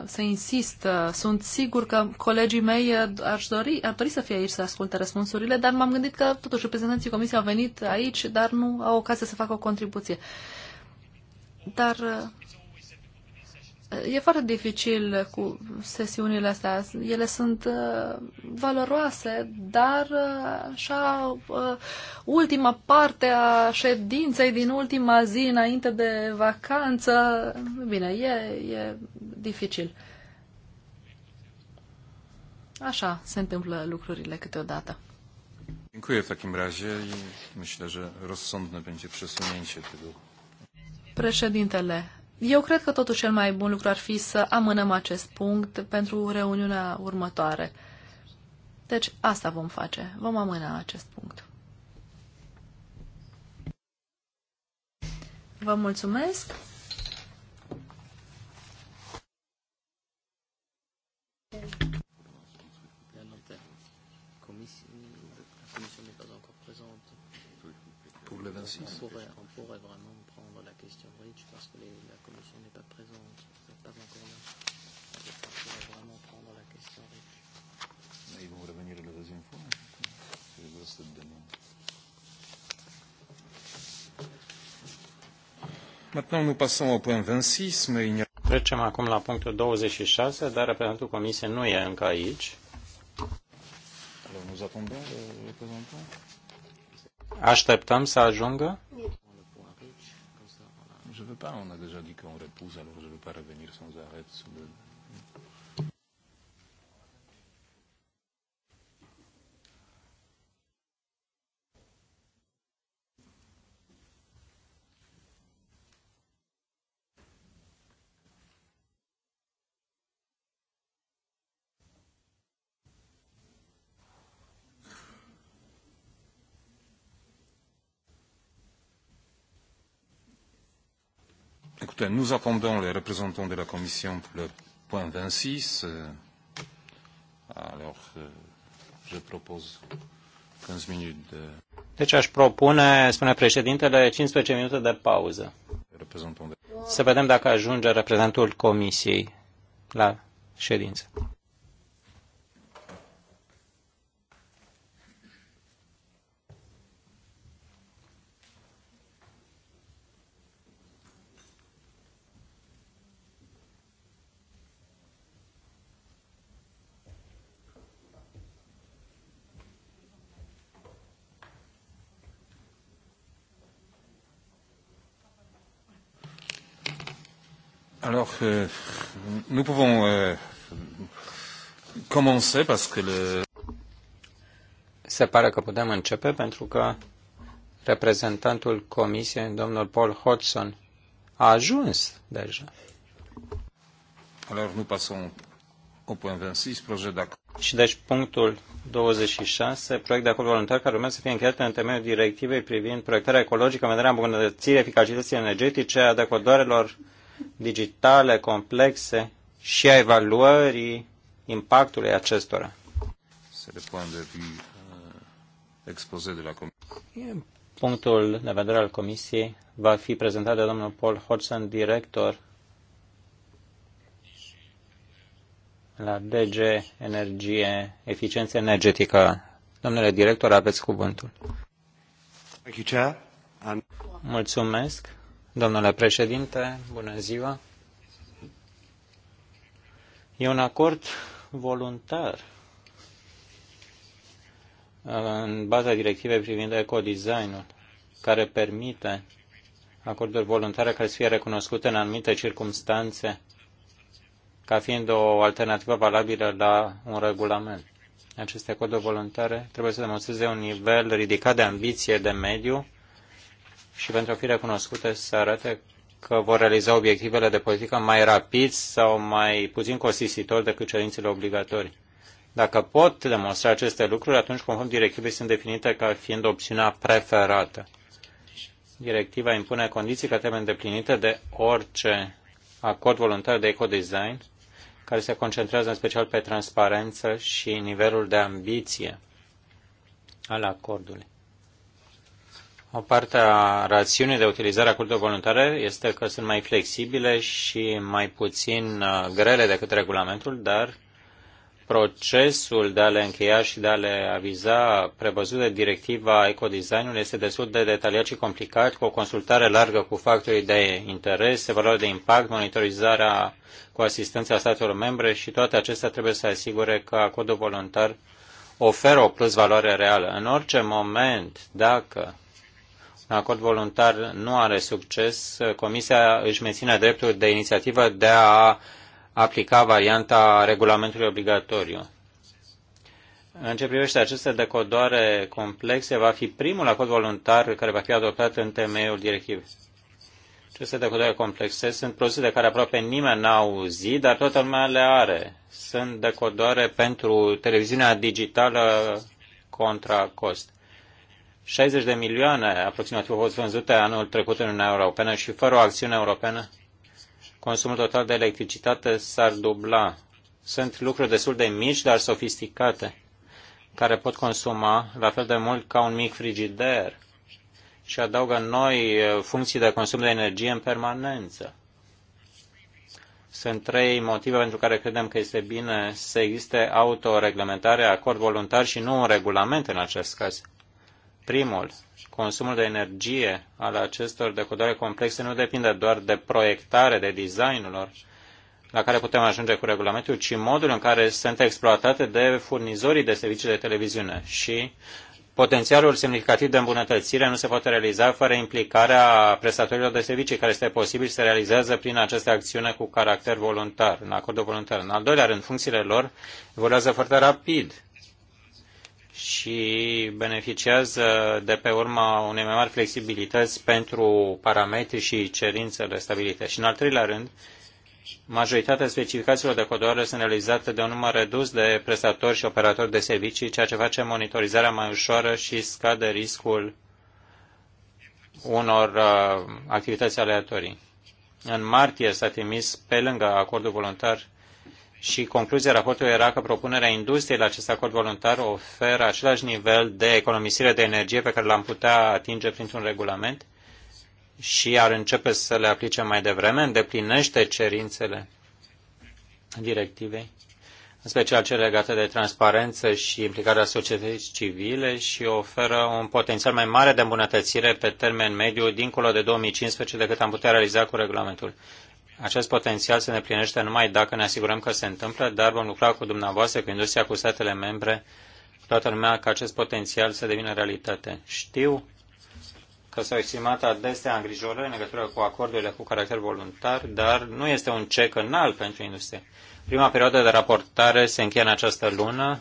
să insist. Uh, sunt sigur că colegii mei ar dori, ar dori să fie aici să asculte răspunsurile, dar m-am gândit că totuși reprezentanții comisiei au venit aici, dar nu au ocazia să facă o contribuție. Dar E foarte dificil cu sesiunile astea. Ele sunt uh, valoroase, dar uh, așa uh, ultima parte a ședinței din ultima zi înainte de vacanță, bine, e, e dificil. Așa se întâmplă lucrurile câteodată. Dziękuję w takim razie i myślę, że rozsądne będzie przesunięcie tego. Președintele, eu cred că totuși cel mai bun lucru ar fi să amânăm acest punct pentru reuniunea următoare. Deci asta vom face. Vom amâna acest punct. Vă mulțumesc! Pour le 26. On pourrait, on pourrait vraiment. Trecem acum la punctul 26, dar reprezentantul Comisiei nu e încă aici. Așteptăm să ajungă? Je veux pas, on a déjà dit qu'on repousse, alors je veux pas revenir sans arrêt sur le... Écoutez, nous attendons les représentants de la Commission pour le point 26. Euh, alors, euh, je propose 15 minutes de... Deci aș propune, spune președintele, 15 minute de pauză. Să vedem dacă ajunge reprezentantul Comisiei la ședință. euh, nous euh, commencer parce que le... Se pare că putem începe pentru că reprezentantul comisiei, domnul Paul Hodgson, a ajuns deja. Alors nous passons au point 26, projet Și deci punctul 26, proiect de acord voluntar care urmează să fie încheiat în temeiul directivei privind proiectarea ecologică, în vederea îmbunătățirii eficacității energetice a decodoarelor digitale complexe și a evaluării impactului acestora. Se uh, de la Comisie. Punctul de vedere al Comisiei va fi prezentat de domnul Paul Hodgson, director la DG Energie, Eficiență Energetică. Domnule director, aveți cuvântul. Mulțumesc. Domnule președinte, bună ziua. E un acord voluntar uh, în baza directivei privind ecodesignul, care permite acorduri voluntare care să fie recunoscute în anumite circunstanțe ca fiind o alternativă valabilă la un regulament. Aceste acorduri voluntare trebuie să demonstreze un nivel ridicat de ambiție de mediu și pentru a fi recunoscute să arate că vor realiza obiectivele de politică mai rapid sau mai puțin costisitor decât cerințele obligatorii. Dacă pot demonstra aceste lucruri, atunci, conform directivei, sunt definite ca fiind opțiunea preferată. Directiva impune condiții care trebuie îndeplinite de orice acord voluntar de ecodesign, care se concentrează în special pe transparență și nivelul de ambiție al acordului. O parte a rațiunii de utilizare a cultelor voluntare este că sunt mai flexibile și mai puțin uh, grele decât regulamentul, dar procesul de a le încheia și de a le aviza prevăzut de directiva ecodesignului este destul de detaliat și complicat, cu o consultare largă cu factorii de interes, evaluare de impact, monitorizarea cu asistența statelor membre și toate acestea trebuie să asigure că acordul voluntar oferă o plus valoare reală. În orice moment, dacă acord voluntar nu are succes, Comisia își menține dreptul de inițiativă de a aplica varianta regulamentului obligatoriu. În ce privește aceste decodoare complexe, va fi primul acord voluntar care va fi adoptat în temeiul directivei. Aceste decodoare complexe sunt produse de care aproape nimeni n-a auzit, dar toată lumea le are. Sunt decodoare pentru televiziunea digitală contra cost. 60 de milioane aproximativ au fost vândute anul trecut în Uniunea Europeană și fără o acțiune europeană, consumul total de electricitate s-ar dubla. Sunt lucruri destul de mici, dar sofisticate, care pot consuma la fel de mult ca un mic frigider și adaugă noi eh, funcții de consum de energie în permanență. Sunt trei motive pentru care credem că este bine să existe autoreglementare, acord voluntar și nu un regulament în acest caz Primul, consumul de energie al acestor decodare complexe nu depinde doar de proiectare, de designurilor la care putem ajunge cu regulamentul, ci modul în care sunt exploatate de furnizorii de servicii de televiziune și potențialul semnificativ de îmbunătățire nu se poate realiza fără implicarea prestatorilor de servicii, care este posibil să realizează prin această acțiune cu caracter voluntar, în acordul voluntar. În al doilea rând, funcțiile lor evoluează foarte rapid și beneficiază de pe urma unei mai mari flexibilități pentru parametri și cerințele stabilite. Și în al treilea rând, majoritatea specificațiilor de codoare sunt realizate de un număr redus de prestatori și operatori de servicii, ceea ce face monitorizarea mai ușoară și scade riscul unor uh, activități aleatorii. În martie s-a trimis pe lângă acordul voluntar și concluzia raportului era că propunerea industriei la acest acord voluntar oferă același nivel de economisire de energie pe care l-am putea atinge printr-un regulament și ar începe să le aplice mai devreme, îndeplinește cerințele directivei, în special cele legate de transparență și implicarea societății civile și oferă un potențial mai mare de îmbunătățire pe termen mediu dincolo de 2015 decât am putea realiza cu regulamentul acest potențial se neplinește numai dacă ne asigurăm că se întâmplă, dar vom lucra cu dumneavoastră, cu industria, cu statele membre, cu toată lumea, ca acest potențial să devină realitate. Știu că s-au exprimat adesea îngrijorări în legătură cu acordurile cu caracter voluntar, dar nu este un cec înalt pentru industrie. Prima perioadă de raportare se încheie în această lună.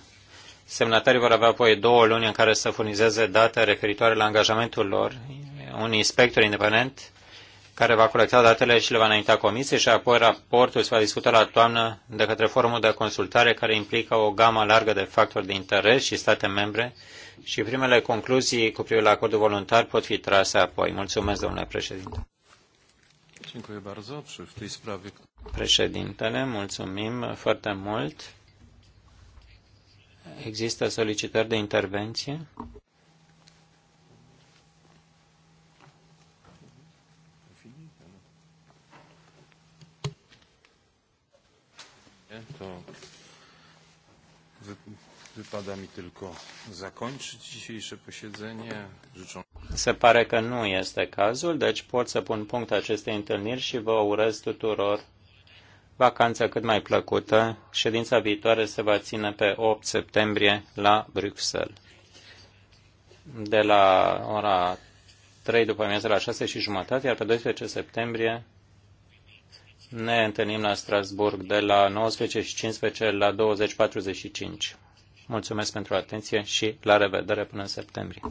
Semnatarii vor avea apoi două luni în care să furnizeze date referitoare la angajamentul lor. Un inspector independent care va colecta datele și le va înainta comisiei și apoi raportul se va discuta la toamnă de către forumul de consultare care implică o gamă largă de factori de interes și state membre și primele concluzii cu privire la acordul voluntar pot fi trase apoi. Mulțumesc, domnule președinte. Președintele, mulțumim foarte mult. Există solicitări de intervenție? to wypada mi tylko zakończyć dzisiejsze posiedzenie. Życzą... Se pare că nu este cazul, deci pot să pun punct acestei întâlniri și vă urez tuturor Vacanța cât mai plăcută. Ședința viitoare se va ține pe 8 septembrie la Bruxelles. De la ora 3 după amiază la 6 și jumătate, iar pe 12 septembrie ne întâlnim la Strasburg de la 19.15 15 la 20.45. Mulțumesc pentru atenție și la revedere până în septembrie.